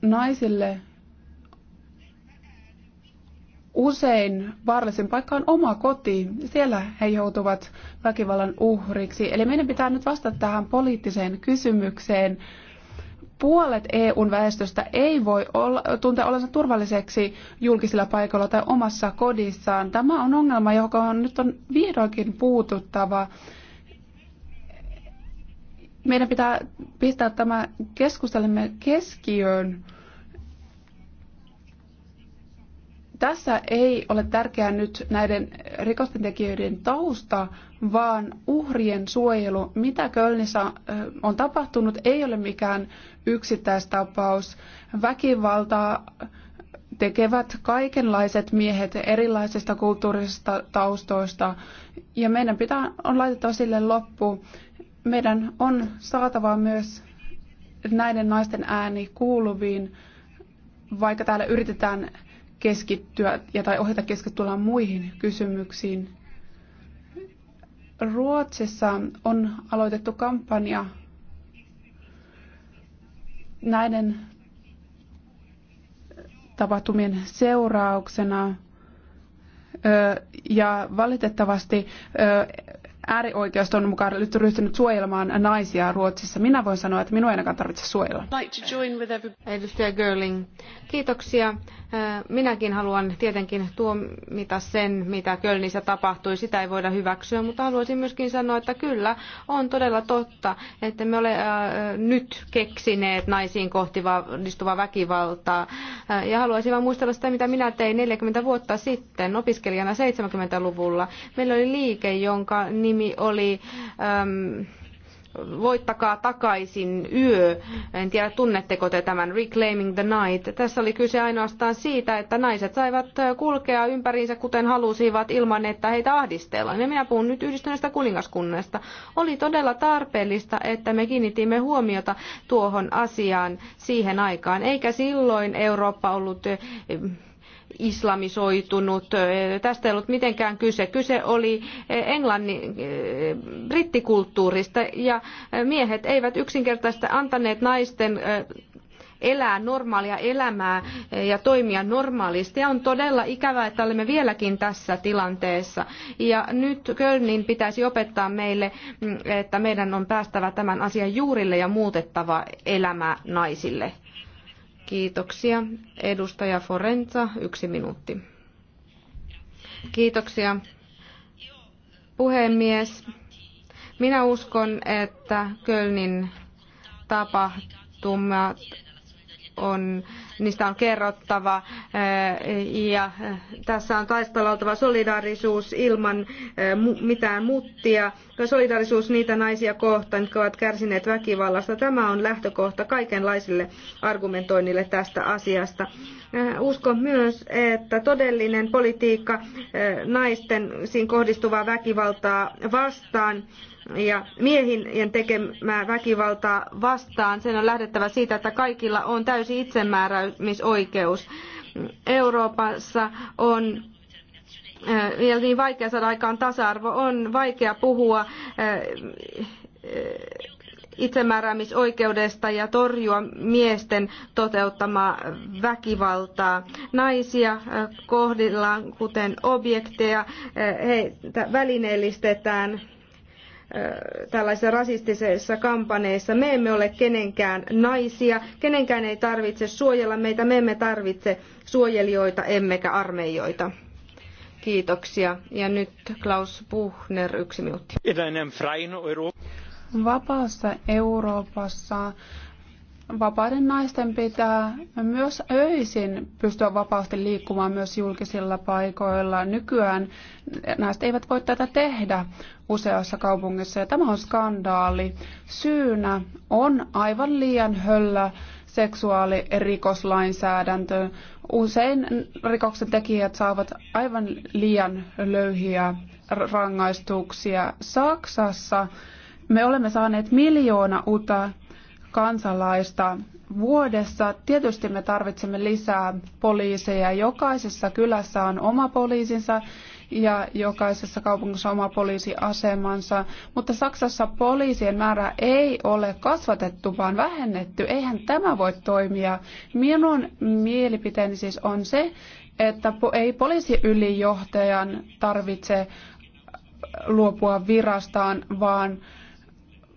naisille usein vaarallisen paikka on oma koti. Siellä he joutuvat väkivallan uhriksi. Eli meidän pitää nyt vastata tähän poliittiseen kysymykseen puolet EUn väestöstä ei voi olla, tuntea olensa turvalliseksi julkisilla paikoilla tai omassa kodissaan. Tämä on ongelma, joka on nyt on vihdoinkin puututtava. Meidän pitää pistää tämä keskustelemme keskiöön. tässä ei ole tärkeää nyt näiden rikostentekijöiden tausta, vaan uhrien suojelu. Mitä Kölnissä on tapahtunut, ei ole mikään yksittäistapaus. Väkivaltaa tekevät kaikenlaiset miehet erilaisista kulttuurisista taustoista, ja meidän pitää, on laitettava sille loppu. Meidän on saatava myös näiden naisten ääni kuuluviin, vaikka täällä yritetään keskittyä ja tai ohjata keskittyä muihin kysymyksiin. Ruotsissa on aloitettu kampanja näiden tapahtumien seurauksena ja valitettavasti äärioikeiston mukaan ryhtynyt suojelemaan naisia Ruotsissa. Minä voin sanoa, että minua ei ainakaan tarvitse suojella. Edustaja Görling, kiitoksia. Minäkin haluan tietenkin tuomita sen, mitä Kölnissä tapahtui. Sitä ei voida hyväksyä, mutta haluaisin myöskin sanoa, että kyllä on todella totta, että me olemme nyt keksineet naisiin kohtivaa väkivaltaa. ja haluaisin vain muistella sitä, mitä minä tein 40 vuotta sitten opiskelijana 70-luvulla. Meillä oli liike, jonka nimi nimi oli äm, Voittakaa takaisin yö. En tiedä, tunnetteko te tämän Reclaiming the Night. Tässä oli kyse ainoastaan siitä, että naiset saivat äh, kulkea ympäriinsä kuten halusivat ilman, että heitä ahdistellaan. Ja minä puhun nyt yhdistyneestä kuningaskunnasta. Oli todella tarpeellista, että me kiinnitimme huomiota tuohon asiaan siihen aikaan. Eikä silloin Eurooppa ollut äh, islamisoitunut. Tästä ei ollut mitenkään kyse. Kyse oli englannin brittikulttuurista ja miehet eivät yksinkertaisesti antaneet naisten elää normaalia elämää ja toimia normaalisti. Ja on todella ikävää, että olemme vieläkin tässä tilanteessa. Ja nyt Kölnin pitäisi opettaa meille, että meidän on päästävä tämän asian juurille ja muutettava elämää naisille. Kiitoksia. Edustaja Forenza, yksi minuutti. Kiitoksia. Puhemies, minä uskon, että Kölnin tapahtumat on, niistä on kerrottava ja tässä on taisteltava solidaarisuus ilman mitään muttia. Solidaarisuus niitä naisia kohtaan, jotka ovat kärsineet väkivallasta. Tämä on lähtökohta kaikenlaisille argumentoinnille tästä asiasta. Uskon myös, että todellinen politiikka naisten kohdistuvaa väkivaltaa vastaan ja miehien tekemää väkivaltaa vastaan. Sen on lähdettävä siitä, että kaikilla on täysi itsemääräämisoikeus. Euroopassa on vielä eh, niin vaikea saada aikaan tasa-arvo. On vaikea puhua eh, eh, itsemääräämisoikeudesta ja torjua miesten toteuttamaa väkivaltaa. Naisia kohdellaan kuten objekteja, heitä välineellistetään tällaisissa rasistisissa kampaneissa Me emme ole kenenkään naisia, kenenkään ei tarvitse suojella meitä, me emme tarvitse suojelijoita emmekä armeijoita. Kiitoksia. Ja nyt Klaus Buchner, yksi minuutti. Vapaassa Euroopassa vapaiden naisten pitää myös öisin pystyä vapaasti liikkumaan myös julkisilla paikoilla. Nykyään naiset eivät voi tätä tehdä useassa kaupungissa ja tämä on skandaali. Syynä on aivan liian höllä seksuaalirikoslainsäädäntö. Usein rikoksen tekijät saavat aivan liian löyhiä rangaistuksia. Saksassa me olemme saaneet miljoona uutta kansalaista vuodessa. Tietysti me tarvitsemme lisää poliiseja. Jokaisessa kylässä on oma poliisinsa ja jokaisessa kaupungissa oma poliisiasemansa, mutta Saksassa poliisien määrä ei ole kasvatettu, vaan vähennetty. Eihän tämä voi toimia. Minun mielipiteeni siis on se, että ei poliisiylijohtajan tarvitse luopua virastaan, vaan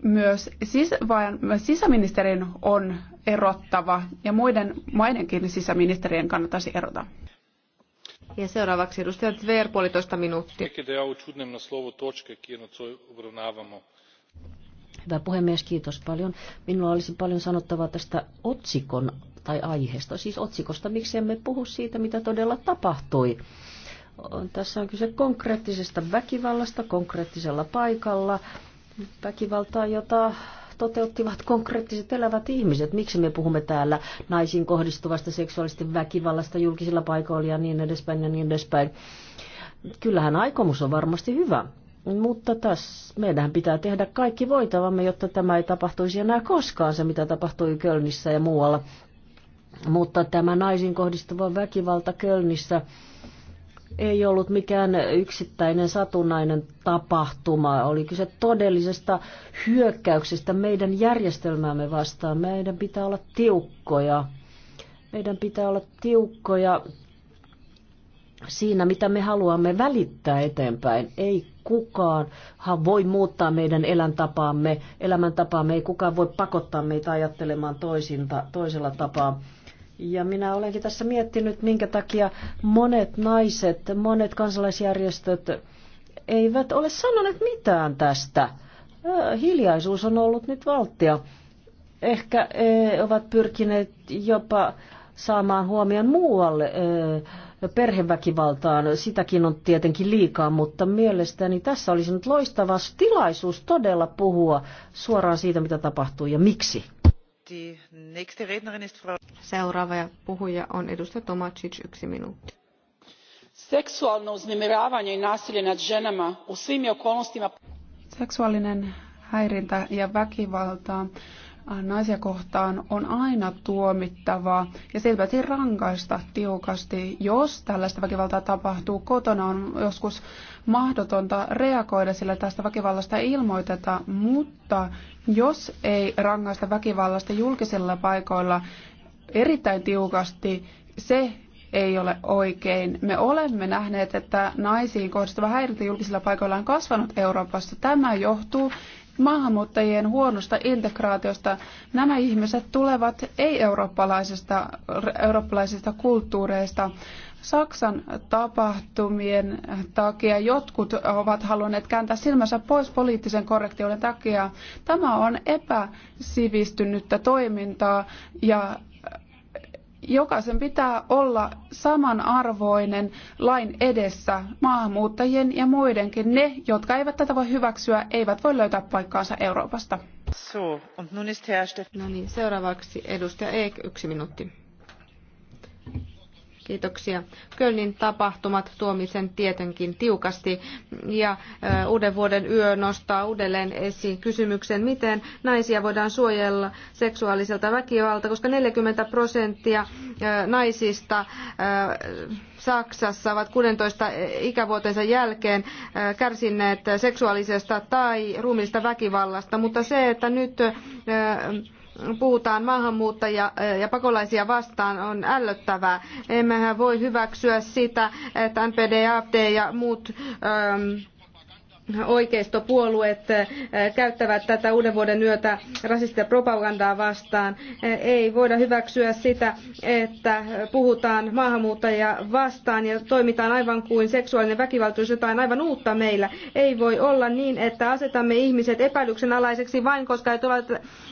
myös, sis, vaan myös sisäministerin on erottava ja muiden maidenkin sisäministerien kannattaisi erota. Ja seuraavaksi edustaja Tver, puolitoista minuuttia. Hyvä puhemies, kiitos paljon. Minulla olisi paljon sanottavaa tästä otsikon tai aiheesta, siis otsikosta. Miksi emme puhu siitä, mitä todella tapahtui? Tässä on kyse konkreettisesta väkivallasta konkreettisella paikalla väkivaltaa, jota toteuttivat konkreettiset elävät ihmiset. Miksi me puhumme täällä naisiin kohdistuvasta seksuaalisesti väkivallasta julkisilla paikoilla ja niin edespäin ja niin edespäin. Kyllähän aikomus on varmasti hyvä, mutta tässä meidän pitää tehdä kaikki voitavamme, jotta tämä ei tapahtuisi enää koskaan, se mitä tapahtui Kölnissä ja muualla. Mutta tämä naisiin kohdistuva väkivalta Kölnissä, ei ollut mikään yksittäinen satunnainen tapahtuma. Oli kyse todellisesta hyökkäyksestä meidän järjestelmäämme vastaan. Meidän pitää olla tiukkoja. Meidän pitää olla tiukkoja siinä, mitä me haluamme välittää eteenpäin. Ei kukaan voi muuttaa meidän elämäntapaamme. Elämäntapaamme ei kukaan voi pakottaa meitä ajattelemaan toisinta, toisella tapaa ja minä olenkin tässä miettinyt, minkä takia monet naiset, monet kansalaisjärjestöt eivät ole sanoneet mitään tästä. Hiljaisuus on ollut nyt valttia. Ehkä ovat pyrkineet jopa saamaan huomion muualle perheväkivaltaan. Sitäkin on tietenkin liikaa, mutta mielestäni tässä olisi nyt loistava tilaisuus todella puhua suoraan siitä, mitä tapahtuu ja miksi. Seuraava puhuja on edustaja Tomacic, yksi minuutti. Seksuaalinen uznemiravanje i nasilje nad ženama u svim okolnostima... Seksuaalinen häirintä ja väkivalta naisia kohtaan on aina tuomittavaa ja selvästi rankaista tiukasti. Jos tällaista väkivaltaa tapahtuu kotona, on joskus mahdotonta reagoida, sillä tästä väkivallasta ei ilmoiteta, mutta jos ei rangaista väkivallasta julkisilla paikoilla erittäin tiukasti, se ei ole oikein. Me olemme nähneet, että naisiin kohdistuva häiriö julkisilla paikoilla on kasvanut Euroopassa. Tämä johtuu maahanmuuttajien huonosta integraatiosta. Nämä ihmiset tulevat ei-eurooppalaisista eurooppalaisista kulttuureista. Saksan tapahtumien takia jotkut ovat halunneet kääntää silmänsä pois poliittisen korrektiuden takia. Tämä on epäsivistynyttä toimintaa ja Jokaisen pitää olla samanarvoinen lain edessä maahanmuuttajien ja muidenkin. Ne, jotka eivät tätä voi hyväksyä, eivät voi löytää paikkaansa Euroopasta. No niin, seuraavaksi edustaja Eek, yksi minuutti Kiitoksia. Kölnin tapahtumat tuomisen tietenkin tiukasti ja uuden vuoden yö nostaa uudelleen esiin kysymyksen, miten naisia voidaan suojella seksuaaliselta väkivalta, koska 40 prosenttia naisista Saksassa ovat 16 ikävuotensa jälkeen kärsineet seksuaalisesta tai ruumista väkivallasta, mutta se, että nyt puhutaan maahanmuuttajia eh, ja pakolaisia vastaan on ällöttävää. Emmehän voi hyväksyä sitä, että NPD, AFD ja muut ähm, oikeistopuolueet äh, käyttävät tätä uuden vuoden yötä rasistista propagandaa vastaan. Äh, ei voida hyväksyä sitä, että puhutaan maahanmuuttajia vastaan ja toimitaan aivan kuin seksuaalinen väkivalta olisi jotain aivan uutta meillä. Ei voi olla niin, että asetamme ihmiset epäilyksen alaiseksi vain koska he tulevat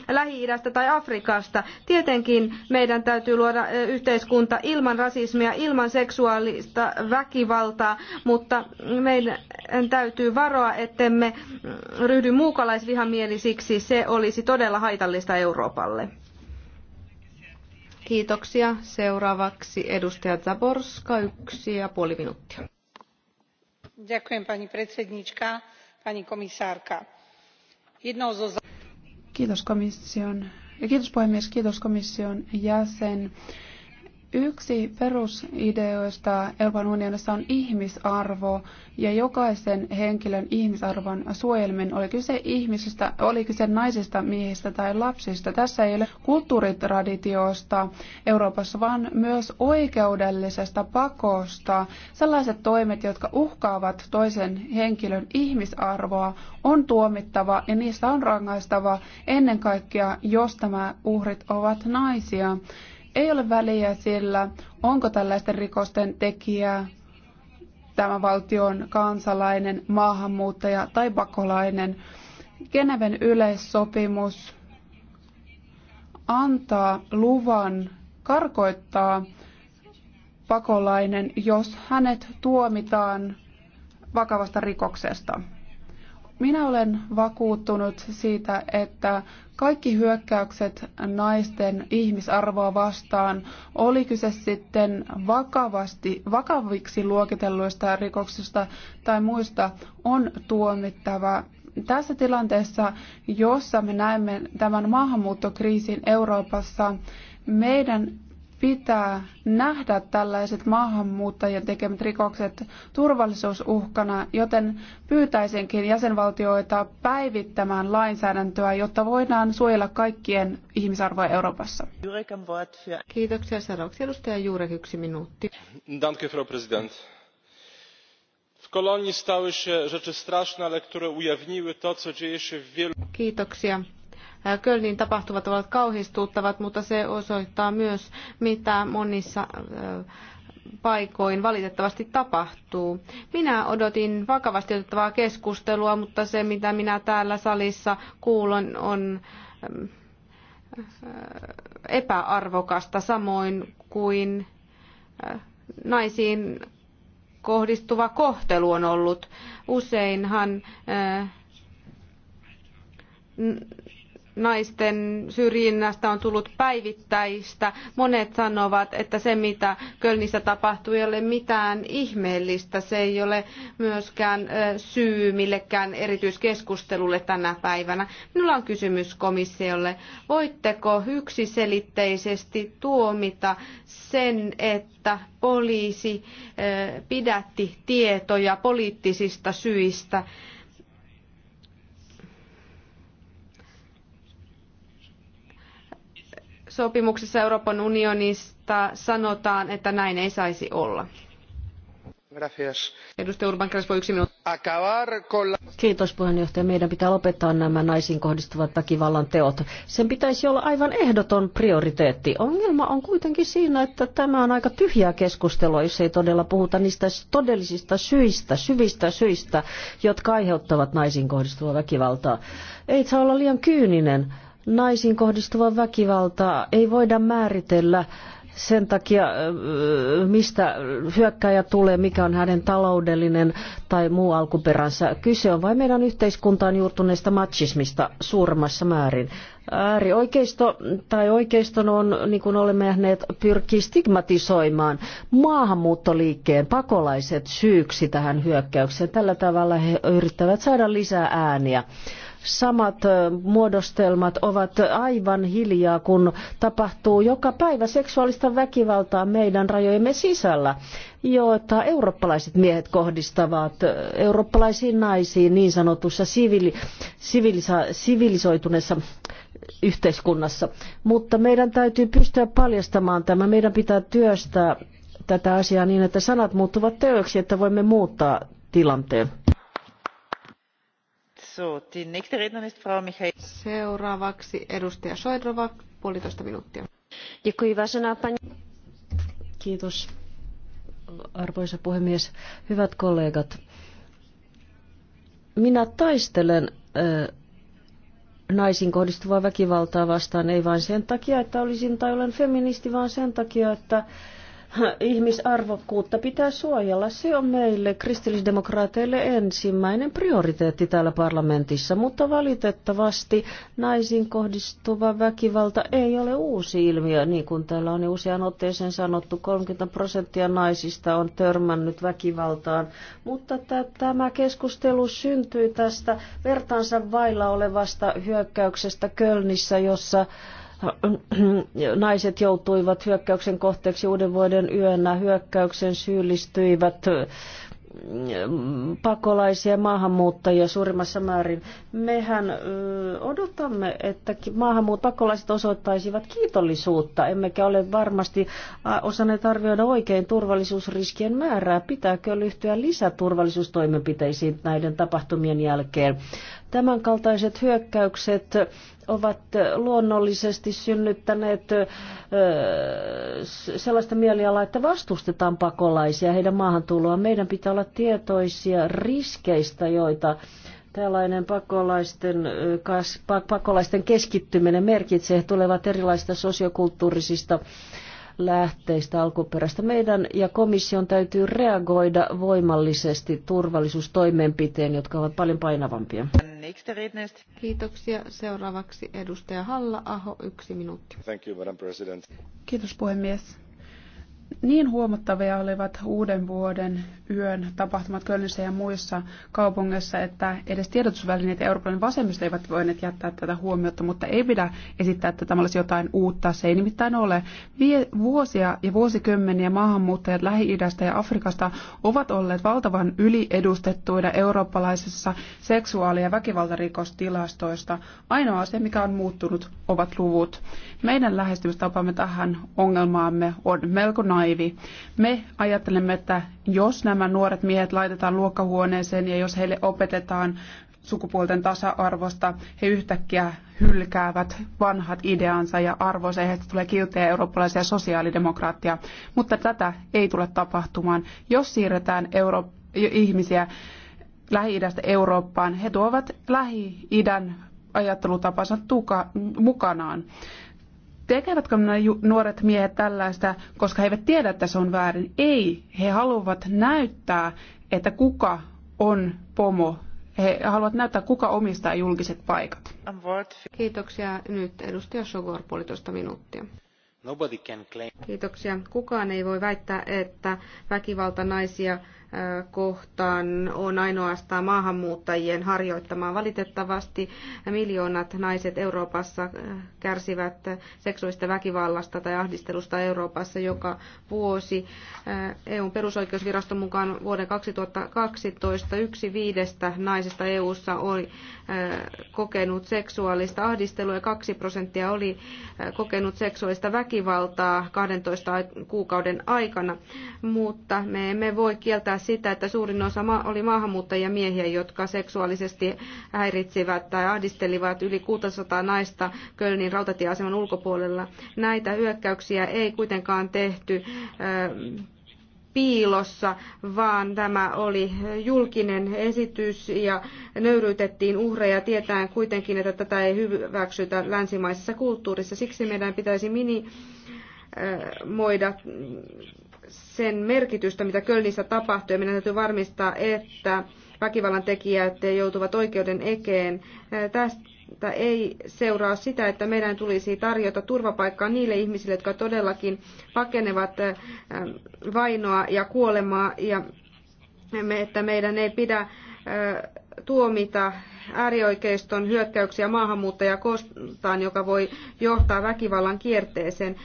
Lähi-idästä tai Afrikasta. Tietenkin meidän täytyy luoda äh, yhteiskunta ilman rasismia, ilman seksuaalista väkivaltaa, mutta meidän täytyy varoa vetoa, ettemme ryhdy muukalaisvihamielisiksi. Se olisi todella haitallista Euroopalle. Kiitoksia. Seuraavaksi edustaja Zaborska, yksi ja puoli minuuttia. Kiitos komission, kiitos puhemies, kiitos komission jäsen. Yksi perusideoista Euroopan unionissa on ihmisarvo ja jokaisen henkilön ihmisarvon suojelminen, oli kyse ihmisistä, oli kyse naisista, miehistä tai lapsista. Tässä ei ole kulttuuritraditiosta Euroopassa, vaan myös oikeudellisesta pakosta. Sellaiset toimet, jotka uhkaavat toisen henkilön ihmisarvoa, on tuomittava ja niistä on rangaistava ennen kaikkea, jos tämä uhrit ovat naisia. Ei ole väliä sillä, onko tällaisten rikosten tekijä tämä valtion kansalainen, maahanmuuttaja tai pakolainen. Geneven yleissopimus antaa luvan karkoittaa pakolainen, jos hänet tuomitaan vakavasta rikoksesta. Minä olen vakuuttunut siitä, että kaikki hyökkäykset naisten ihmisarvoa vastaan, oli kyse sitten vakavasti, vakaviksi luokitelluista rikoksista tai muista, on tuomittava. Tässä tilanteessa, jossa me näemme tämän maahanmuuttokriisin Euroopassa, meidän pitää nähdä tällaiset maahanmuuttajien tekemät rikokset turvallisuusuhkana, joten pyytäisinkin jäsenvaltioita päivittämään lainsäädäntöä, jotta voidaan suojella kaikkien ihmisarvoa Euroopassa. Kiitoksia. Seuraavaksi edustaja Juurek, yksi minuutti. Danke, Frau Kiitoksia Kölnin tapahtuvat ovat kauhistuttavat, mutta se osoittaa myös, mitä monissa paikoin valitettavasti tapahtuu. Minä odotin vakavasti otettavaa keskustelua, mutta se mitä minä täällä salissa kuulon on epäarvokasta samoin kuin naisiin kohdistuva kohtelu on ollut. Useinhan naisten syrjinnästä on tullut päivittäistä. Monet sanovat, että se mitä Kölnissä tapahtuu ei ole mitään ihmeellistä. Se ei ole myöskään syy millekään erityiskeskustelulle tänä päivänä. Minulla on kysymys komissiolle. Voitteko yksiselitteisesti tuomita sen, että poliisi pidätti tietoja poliittisista syistä? sopimuksessa Euroopan unionista sanotaan, että näin ei saisi olla. Edustaja Urban Crespo, yksi minuutti. Kiitos puheenjohtaja. Meidän pitää lopettaa nämä naisiin kohdistuvat väkivallan teot. Sen pitäisi olla aivan ehdoton prioriteetti. Ongelma on kuitenkin siinä, että tämä on aika tyhjää keskustelua, jos ei todella puhuta niistä todellisista syistä, syvistä syistä, jotka aiheuttavat naisiin kohdistuvaa väkivaltaa. Ei saa olla liian kyyninen naisiin kohdistuva väkivalta ei voida määritellä sen takia, äh, mistä hyökkäjä tulee, mikä on hänen taloudellinen tai muu alkuperänsä. Kyse on vain meidän yhteiskuntaan juurtuneesta machismista suuremmassa määrin. Äärioikeisto tai oikeiston on, niin kuin olemme nähneet, pyrkii stigmatisoimaan maahanmuuttoliikkeen pakolaiset syyksi tähän hyökkäykseen. Tällä tavalla he yrittävät saada lisää ääniä samat muodostelmat ovat aivan hiljaa, kun tapahtuu joka päivä seksuaalista väkivaltaa meidän rajojemme sisällä, joita eurooppalaiset miehet kohdistavat eurooppalaisiin naisiin niin sanotussa sivili, sivilisa, sivilisoituneessa yhteiskunnassa. Mutta meidän täytyy pystyä paljastamaan tämä. Meidän pitää työstää tätä asiaa niin, että sanat muuttuvat teoiksi, että voimme muuttaa tilanteen. Seuraavaksi edustaja Soidrova, puolitoista minuuttia. Kiitos, arvoisa puhemies. Hyvät kollegat, minä taistelen naisiin kohdistuvaa väkivaltaa vastaan, ei vain sen takia, että olisin tai olen feministi, vaan sen takia, että ihmisarvokkuutta pitää suojella. Se on meille kristillisdemokraateille ensimmäinen prioriteetti täällä parlamentissa, mutta valitettavasti naisiin kohdistuva väkivalta ei ole uusi ilmiö. Niin kuin täällä on usean otteeseen sanottu, 30 prosenttia naisista on törmännyt väkivaltaan, mutta tämä keskustelu syntyi tästä vertaansa vailla olevasta hyökkäyksestä Kölnissä, jossa Äh, äh, naiset joutuivat hyökkäyksen kohteeksi uuden vuoden yönä. Hyökkäyksen syyllistyivät äh, pakolaisia maahanmuuttajia suurimmassa määrin. Mehän odotamme, että maahanmuut pakolaiset osoittaisivat kiitollisuutta, emmekä ole varmasti osanneet arvioida oikein turvallisuusriskien määrää. Pitääkö lyhtyä lisäturvallisuustoimenpiteisiin näiden tapahtumien jälkeen? Tämänkaltaiset hyökkäykset ovat luonnollisesti synnyttäneet sellaista mielialaa, että vastustetaan pakolaisia heidän maahantuloaan. Meidän pitää olla tietoisia riskeistä, joita tällainen pakolaisten, pakolaisten keskittyminen merkitsee. He tulevat erilaisista sosiokulttuurisista lähteistä alkuperäistä. Meidän ja komission täytyy reagoida voimallisesti turvallisuustoimenpiteen, jotka ovat paljon painavampia. Kiitoksia. Seuraavaksi edustaja Halla-Aho, yksi minuutti. Thank you, Madam President. Kiitos puhemies. Niin huomattavia olivat uuden vuoden yön tapahtumat Kölnissä ja muissa kaupungeissa, että edes tiedotusvälineet ja Euroopan vasemmisto eivät voineet jättää tätä huomiota, mutta ei pidä esittää, että tämä olisi jotain uutta. Se ei nimittäin ole. Vie, vuosia ja vuosikymmeniä maahanmuuttajat Lähi-idästä ja Afrikasta ovat olleet valtavan yliedustettuina eurooppalaisessa seksuaali- ja väkivaltarikostilastoista. Ainoa asia, mikä on muuttunut, ovat luvut. Meidän lähestymistapamme tähän ongelmaamme on melko naivi. Me ajattelemme, että jos nämä nuoret miehet laitetaan luokkahuoneeseen ja jos heille opetetaan sukupuolten tasa-arvosta, he yhtäkkiä hylkäävät vanhat ideansa ja arvoisa ja heistä tulee kiltejä eurooppalaisia sosiaalidemokraattia. Mutta tätä ei tule tapahtumaan. Jos siirretään euro- ihmisiä Lähi-idästä Eurooppaan, he tuovat Lähi-idän ajattelutapansa tuka- mukanaan. Tekevätkö nuoret miehet tällaista, koska he eivät tiedä, että se on väärin? Ei. He haluavat näyttää, että kuka on pomo. He haluavat näyttää, kuka omistaa julkiset paikat. Kiitoksia. Nyt edustaja Sogor, puolitoista minuuttia. Kiitoksia. Kukaan ei voi väittää, että väkivalta naisia kohtaan on ainoastaan maahanmuuttajien harjoittamaa. Valitettavasti miljoonat naiset Euroopassa kärsivät seksuaalista väkivallasta tai ahdistelusta Euroopassa joka vuosi. EUn perusoikeusviraston mukaan vuoden 2012 yksi viidestä naisesta EUssa oli kokenut seksuaalista ahdistelua ja 2 prosenttia oli kokenut seksuaalista väkivaltaa 12 kuukauden aikana. Mutta me emme voi kieltää sitä, että suurin osa oli maahanmuuttajia miehiä, jotka seksuaalisesti häiritsivät tai ahdistelivat yli 600 naista Kölnin rautatieaseman ulkopuolella. Näitä hyökkäyksiä ei kuitenkaan tehty piilossa, vaan tämä oli julkinen esitys ja nöyryytettiin uhreja tietäen kuitenkin, että tätä ei hyväksytä länsimaisessa kulttuurissa. Siksi meidän pitäisi minimoida äh, sen merkitystä, mitä Kölnissä tapahtuu, ja meidän täytyy varmistaa, että väkivallan tekijät joutuvat oikeuden ekeen. Äh, tästä että ei seuraa sitä, että meidän tulisi tarjota turvapaikkaa niille ihmisille, jotka todellakin pakenevat vainoa ja kuolemaa, ja että meidän ei pidä tuomita äärioikeiston hyökkäyksiä maahanmuuttajia kohtaan, joka voi johtaa väkivallan kierteeseen.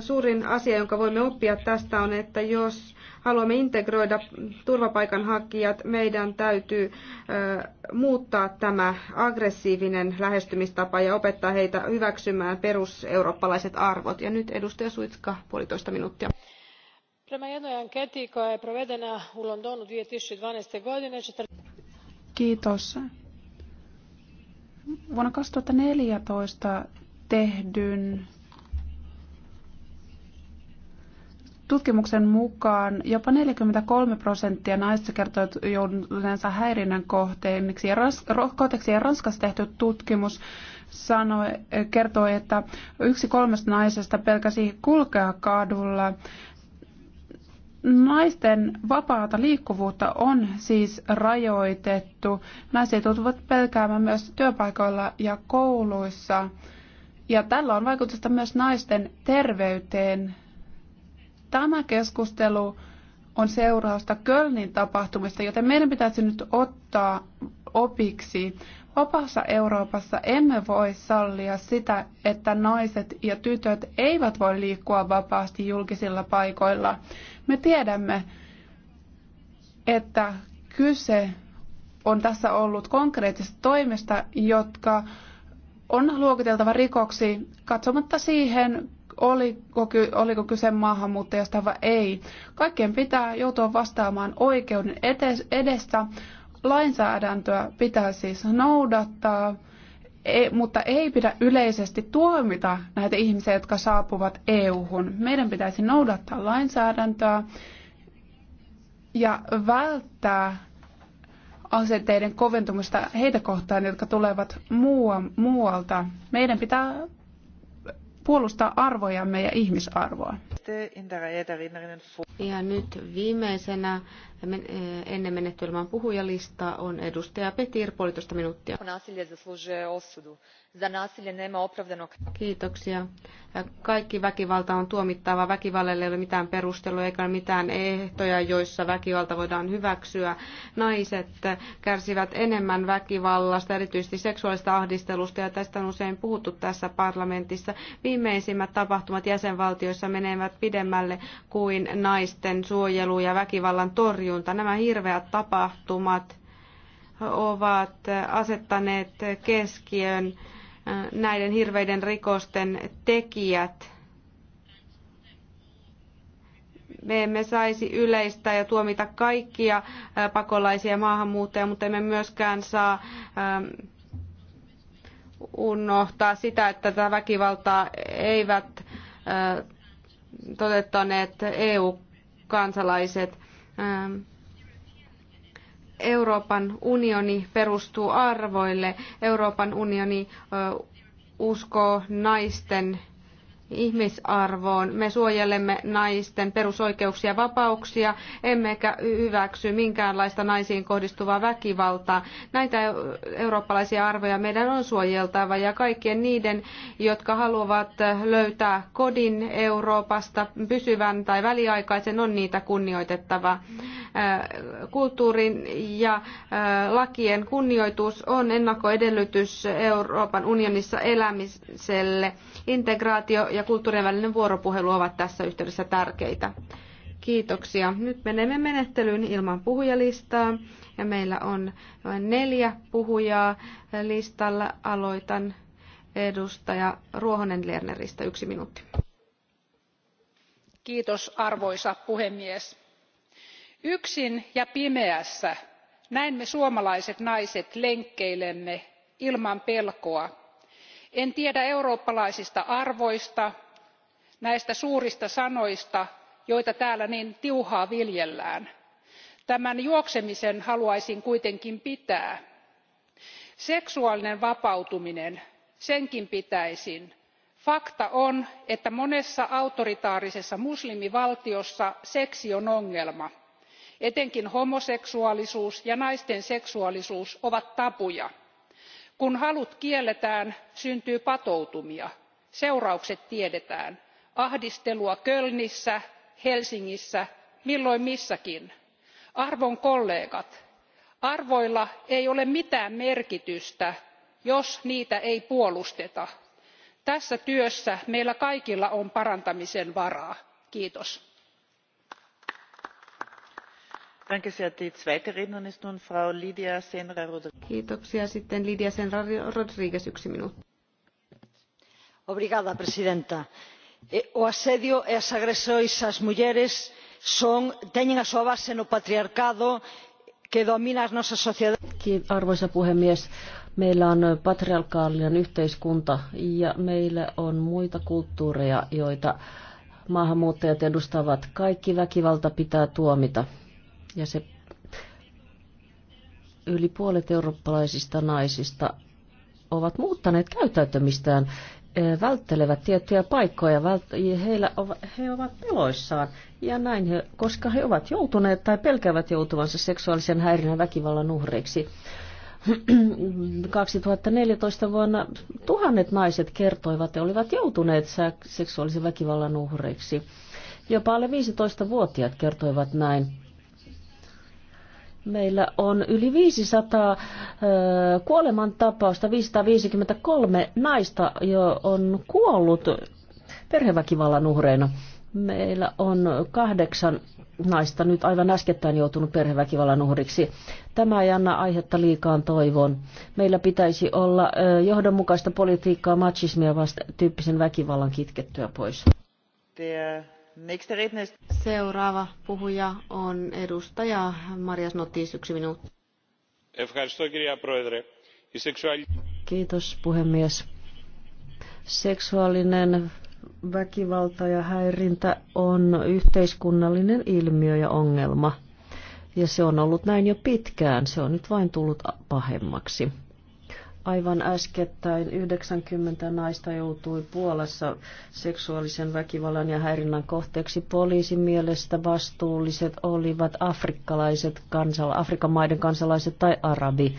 Suurin asia, jonka voimme oppia tästä on, että jos haluamme integroida turvapaikanhakijat, meidän täytyy muuttaa tämä aggressiivinen lähestymistapa ja opettaa heitä hyväksymään peruseurooppalaiset arvot. Ja nyt edustaja Suitska, puolitoista minuuttia prema jednoj anketi koja je provedena u londonu. godine. Kiitos. Vuonna 2014 tehdyn tutkimuksen mukaan jopa 43 prosenttia naisista kertoo joutuneensa häirinnän kohteeksi. Ja, kohteeksi ja Ranskassa tehty tutkimus sanoi, kertoi, että yksi kolmesta naisesta pelkäsi kulkea kadulla. Naisten vapaata liikkuvuutta on siis rajoitettu. Naiset joutuvat pelkäämään myös työpaikoilla ja kouluissa. Ja tällä on vaikutusta myös naisten terveyteen. Tämä keskustelu on seurausta Kölnin tapahtumista, joten meidän pitäisi nyt ottaa opiksi. Vapaassa Euroopassa emme voi sallia sitä, että naiset ja tytöt eivät voi liikkua vapaasti julkisilla paikoilla. Me tiedämme, että kyse on tässä ollut konkreettisista toimista, jotka on luokiteltava rikoksi katsomatta siihen, oliko, oliko kyse maahanmuuttajasta vai ei. Kaikkien pitää joutua vastaamaan oikeuden edestä. Lainsäädäntöä pitää siis noudattaa ei, mutta ei pidä yleisesti tuomita näitä ihmisiä, jotka saapuvat EU-hun. Meidän pitäisi noudattaa lainsäädäntöä ja välttää asenteiden koventumista heitä kohtaan, jotka tulevat muualta. Meidän pitää puolustaa arvojamme ja ihmisarvoa. Ja nyt viimeisenä eh, ennen menettelymään puhujalistaa on edustaja Petir, puolitoista minuuttia za nasilje nema opravdanog... Kiitoksia. Kaikki väkivalta on tuomittava. Väkivallalle ei ole mitään perustelua eikä mitään ehtoja, joissa väkivalta voidaan hyväksyä. Naiset kärsivät enemmän väkivallasta, erityisesti seksuaalista ahdistelusta, ja tästä on usein puhuttu tässä parlamentissa. Viimeisimmät tapahtumat jäsenvaltioissa menevät pidemmälle kuin naisten suojelu ja väkivallan torjunta. Nämä hirveät tapahtumat ovat asettaneet keskiön näiden hirveiden rikosten tekijät. Me emme saisi yleistä ja tuomita kaikkia pakolaisia maahanmuuttajia, mutta emme myöskään saa unohtaa sitä, että tätä väkivaltaa eivät toteuttaneet EU-kansalaiset. Euroopan unioni perustuu arvoille. Euroopan unioni uskoo naisten ihmisarvoon. Me suojelemme naisten perusoikeuksia ja vapauksia, emmekä hyväksy minkäänlaista naisiin kohdistuvaa väkivaltaa. Näitä eurooppalaisia arvoja meidän on suojeltava ja kaikkien niiden, jotka haluavat löytää kodin Euroopasta pysyvän tai väliaikaisen, on niitä kunnioitettava. Äh, kulttuurin ja äh, lakien kunnioitus on ennakkoedellytys Euroopan unionissa elämiselle. Integraatio ja kulttuurien välinen vuoropuhelu ovat tässä yhteydessä tärkeitä. Kiitoksia. Nyt menemme menettelyyn ilman puhujalistaa. Ja meillä on noin neljä puhujaa listalla. Aloitan edustaja Ruohonen Lerneristä. Yksi minuutti. Kiitos arvoisa puhemies. Yksin ja pimeässä näin me suomalaiset naiset lenkkeilemme ilman pelkoa en tiedä eurooppalaisista arvoista näistä suurista sanoista joita täällä niin tiuhaan viljellään. tämän juoksemisen haluaisin kuitenkin pitää. seksuaalinen vapautuminen senkin pitäisin. fakta on että monessa autoritaarisessa muslimivaltiossa seksi on ongelma. etenkin homoseksuaalisuus ja naisten seksuaalisuus ovat tabuja kun halut kielletään syntyy patoutumia seuraukset tiedetään ahdistelua kölnissä helsingissä milloin missäkin. arvon kollegat arvoilla ei ole mitään merkitystä jos niitä ei puolusteta. tässä työssä meillä kaikilla on parantamisen varaa. kiitos. Kiitoksia. Sitten Lidia Senra Rodriguez, yksi Obrigada, presidenta. Eh, o asedio e as agresións ás mulleres teñen a súa base no patriarcado que domina as nosas sociedades. Arvoisa puhemies, meillä on patriarkaalinen yhteiskunta ja meillä on muita kulttuureja, joita maahanmuuttajat edustavat. Kaikki väkivalta pitää tuomita ja se yli puolet eurooppalaisista naisista ovat muuttaneet käyttäytymistään, e, välttelevät tiettyjä paikkoja, heillä he ovat peloissaan ja näin, he, koska he ovat joutuneet tai pelkäävät joutuvansa seksuaalisen häirinnän väkivallan uhreiksi. 2014 [CLEARS THROAT] vuonna tuhannet naiset kertoivat, että olivat joutuneet seksuaalisen väkivallan uhreiksi. Jopa alle 15-vuotiaat kertoivat näin. Meillä on yli 500 kuolemantapausta, 553 naista jo on kuollut perheväkivallan uhreina. Meillä on kahdeksan naista nyt aivan äskettäin joutunut perheväkivallan uhriksi. Tämä ei anna aihetta liikaan toivoon. Meillä pitäisi olla johdonmukaista politiikkaa machismia vasta tyyppisen väkivallan kitkettyä pois. Yeah. Seuraava puhuja on edustaja Marias Notis, yksi minuutti. Kiitos puhemies. Seksuaalinen väkivalta ja häirintä on yhteiskunnallinen ilmiö ja ongelma. Ja se on ollut näin jo pitkään, se on nyt vain tullut pahemmaksi. Aivan äskettäin 90 naista joutui Puolassa seksuaalisen väkivallan ja häirinnän kohteeksi. Poliisin mielestä vastuulliset olivat afrikkalaiset kansala- Afrikan maiden kansalaiset tai arabi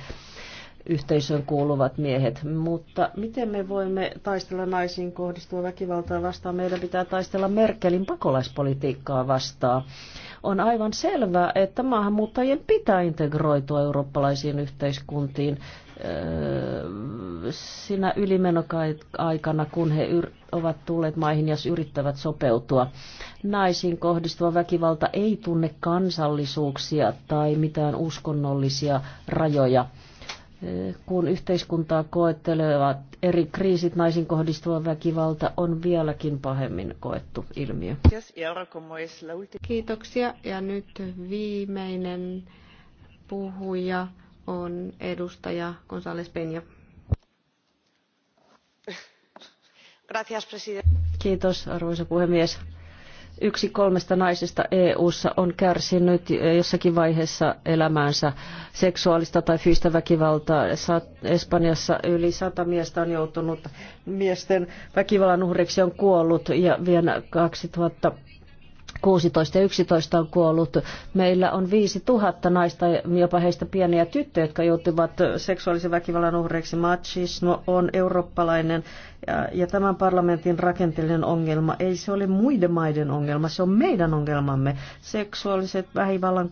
yhteisöön kuuluvat miehet. Mutta miten me voimme taistella naisiin kohdistua väkivaltaa vastaan? Meidän pitää taistella Merkelin pakolaispolitiikkaa vastaan. On aivan selvää, että maahanmuuttajien pitää integroitua eurooppalaisiin yhteiskuntiin öö, sinä ylimenoaikana, kun he ovat tulleet maihin ja yrittävät sopeutua. Naisiin kohdistuva väkivalta ei tunne kansallisuuksia tai mitään uskonnollisia rajoja kun yhteiskuntaa koettelevat eri kriisit, naisin kohdistuva väkivalta on vieläkin pahemmin koettu ilmiö. Kiitoksia. Ja nyt viimeinen puhuja on edustaja González Peña. Kiitos, arvoisa puhemies Yksi kolmesta naisesta EU:ssa on kärsinyt jossakin vaiheessa elämäänsä seksuaalista tai fyysistä väkivaltaa. Espanjassa yli sata miestä on joutunut miesten väkivallan uhriksi on kuollut ja vielä 2000 16 ja 11 on kuollut. Meillä on 5000 naista, jopa heistä pieniä tyttöjä, jotka joutuvat seksuaalisen väkivallan uhreiksi. Machismo on eurooppalainen ja, ja tämän parlamentin rakenteellinen ongelma. Ei se ole muiden maiden ongelma, se on meidän ongelmamme. Seksuaaliset väkivallan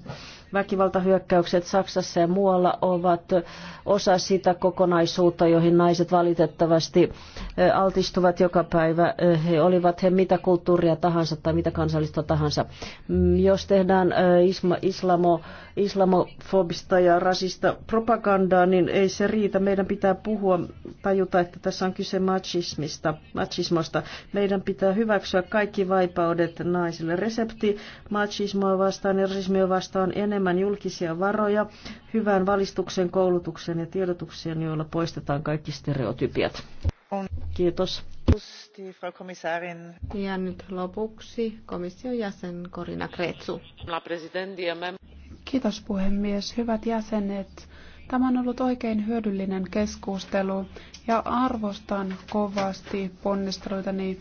Väkivaltahyökkäykset Saksassa ja muualla ovat osa sitä kokonaisuutta, joihin naiset valitettavasti altistuvat joka päivä. He olivat he mitä kulttuuria tahansa tai mitä kansallista tahansa. Mm, jos tehdään islamo, islamofobista ja rasista propagandaa, niin ei se riitä. Meidän pitää puhua, tajuta, että tässä on kyse machismista, machismosta. Meidän pitää hyväksyä kaikki vaipaudet naisille. Resepti machismoa vastaan ja rasismia vastaan enemmän enemmän julkisia varoja hyvään valistuksen, koulutukseen ja tiedotukseen, joilla poistetaan kaikki stereotypiat. Kiitos. Ja nyt lopuksi komission jäsen Korina Kretsu. Kiitos puhemies. Hyvät jäsenet, tämä on ollut oikein hyödyllinen keskustelu ja arvostan kovasti ponnisteluitani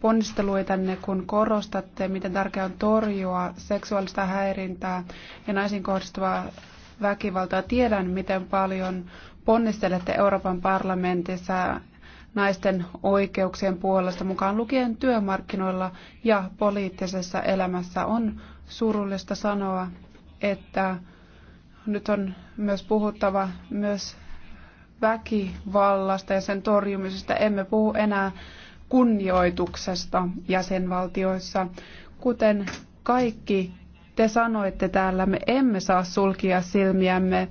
ponnisteluitanne, kun korostatte, miten tärkeää on torjua seksuaalista häirintää ja naisiin kohdistuvaa väkivaltaa. Tiedän, miten paljon ponnistelette Euroopan parlamentissa naisten oikeuksien puolesta mukaan lukien työmarkkinoilla ja poliittisessa elämässä. On surullista sanoa, että nyt on myös puhuttava myös väkivallasta ja sen torjumisesta. Emme puhu enää kunnioituksesta jäsenvaltioissa. Kuten kaikki te sanoitte täällä, me emme saa sulkia silmiämme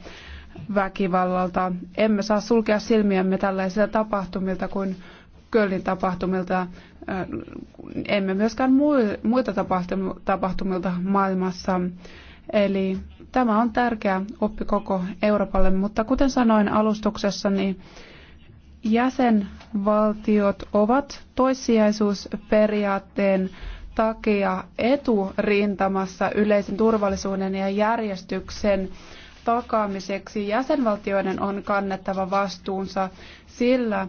väkivallalta, emme saa sulkea silmiämme tällaisilta tapahtumilta kuin Kölnin tapahtumilta, emme myöskään muita tapahtumilta maailmassa. Eli tämä on tärkeä oppi koko Euroopalle, mutta kuten sanoin alustuksessa, niin jäsenvaltiot ovat toissijaisuusperiaatteen takia eturintamassa yleisen turvallisuuden ja järjestyksen takaamiseksi. Jäsenvaltioiden on kannettava vastuunsa, sillä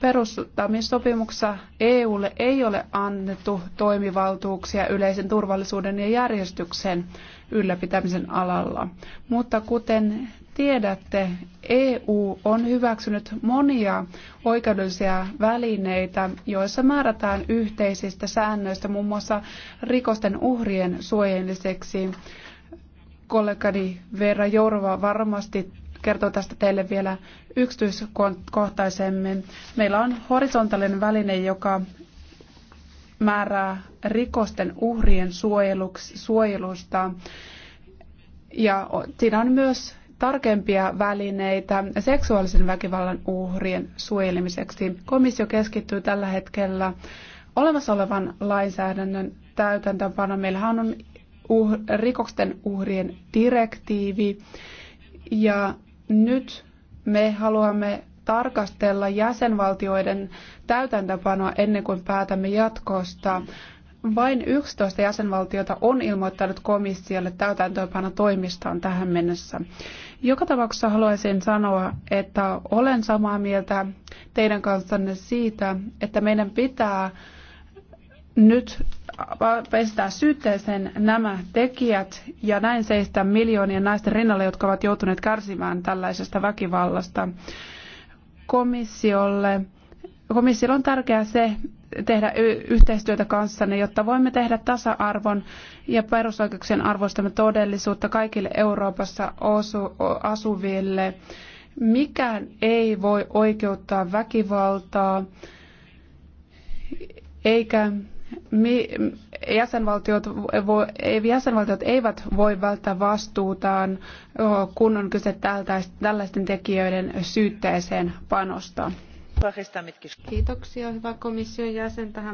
perustamissopimuksessa EUlle ei ole annettu toimivaltuuksia yleisen turvallisuuden ja järjestyksen ylläpitämisen alalla. Mutta kuten tiedätte, EU on hyväksynyt monia oikeudellisia välineitä, joissa määrätään yhteisistä säännöistä muun muassa rikosten uhrien suojelmiseksi. Kollegani Vera Jourova varmasti kertoo tästä teille vielä yksityiskohtaisemmin. Meillä on horisontaalinen väline, joka määrää rikosten uhrien suojelusta. Ja siinä on myös tarkempia välineitä seksuaalisen väkivallan uhrien suojelemiseksi. Komissio keskittyy tällä hetkellä olemassa olevan lainsäädännön täytäntöönpanoon. Meillähän on uh, rikoksen uhrien direktiivi ja nyt me haluamme tarkastella jäsenvaltioiden täytäntöpanoa ennen kuin päätämme jatkosta vain 11 jäsenvaltiota on ilmoittanut komissiolle täytäntöönpano toimistaan tähän mennessä. Joka tapauksessa haluaisin sanoa, että olen samaa mieltä teidän kanssanne siitä, että meidän pitää nyt pestää syytteeseen nämä tekijät ja näin seistä miljoonien naisten rinnalle, jotka ovat joutuneet kärsimään tällaisesta väkivallasta komissiolle. Komissiolle on tärkeää se, tehdä yhteistyötä kanssanne, jotta voimme tehdä tasa-arvon ja perusoikeuksien arvoistamme todellisuutta kaikille Euroopassa asuville. Mikään ei voi oikeuttaa väkivaltaa, eikä jäsenvaltiot, jäsenvaltiot eivät voi välttää vastuutaan, kun on kyse tällaisten tekijöiden syytteeseen panosta. Kiitoksia, hyvä komission jäsen. Tähän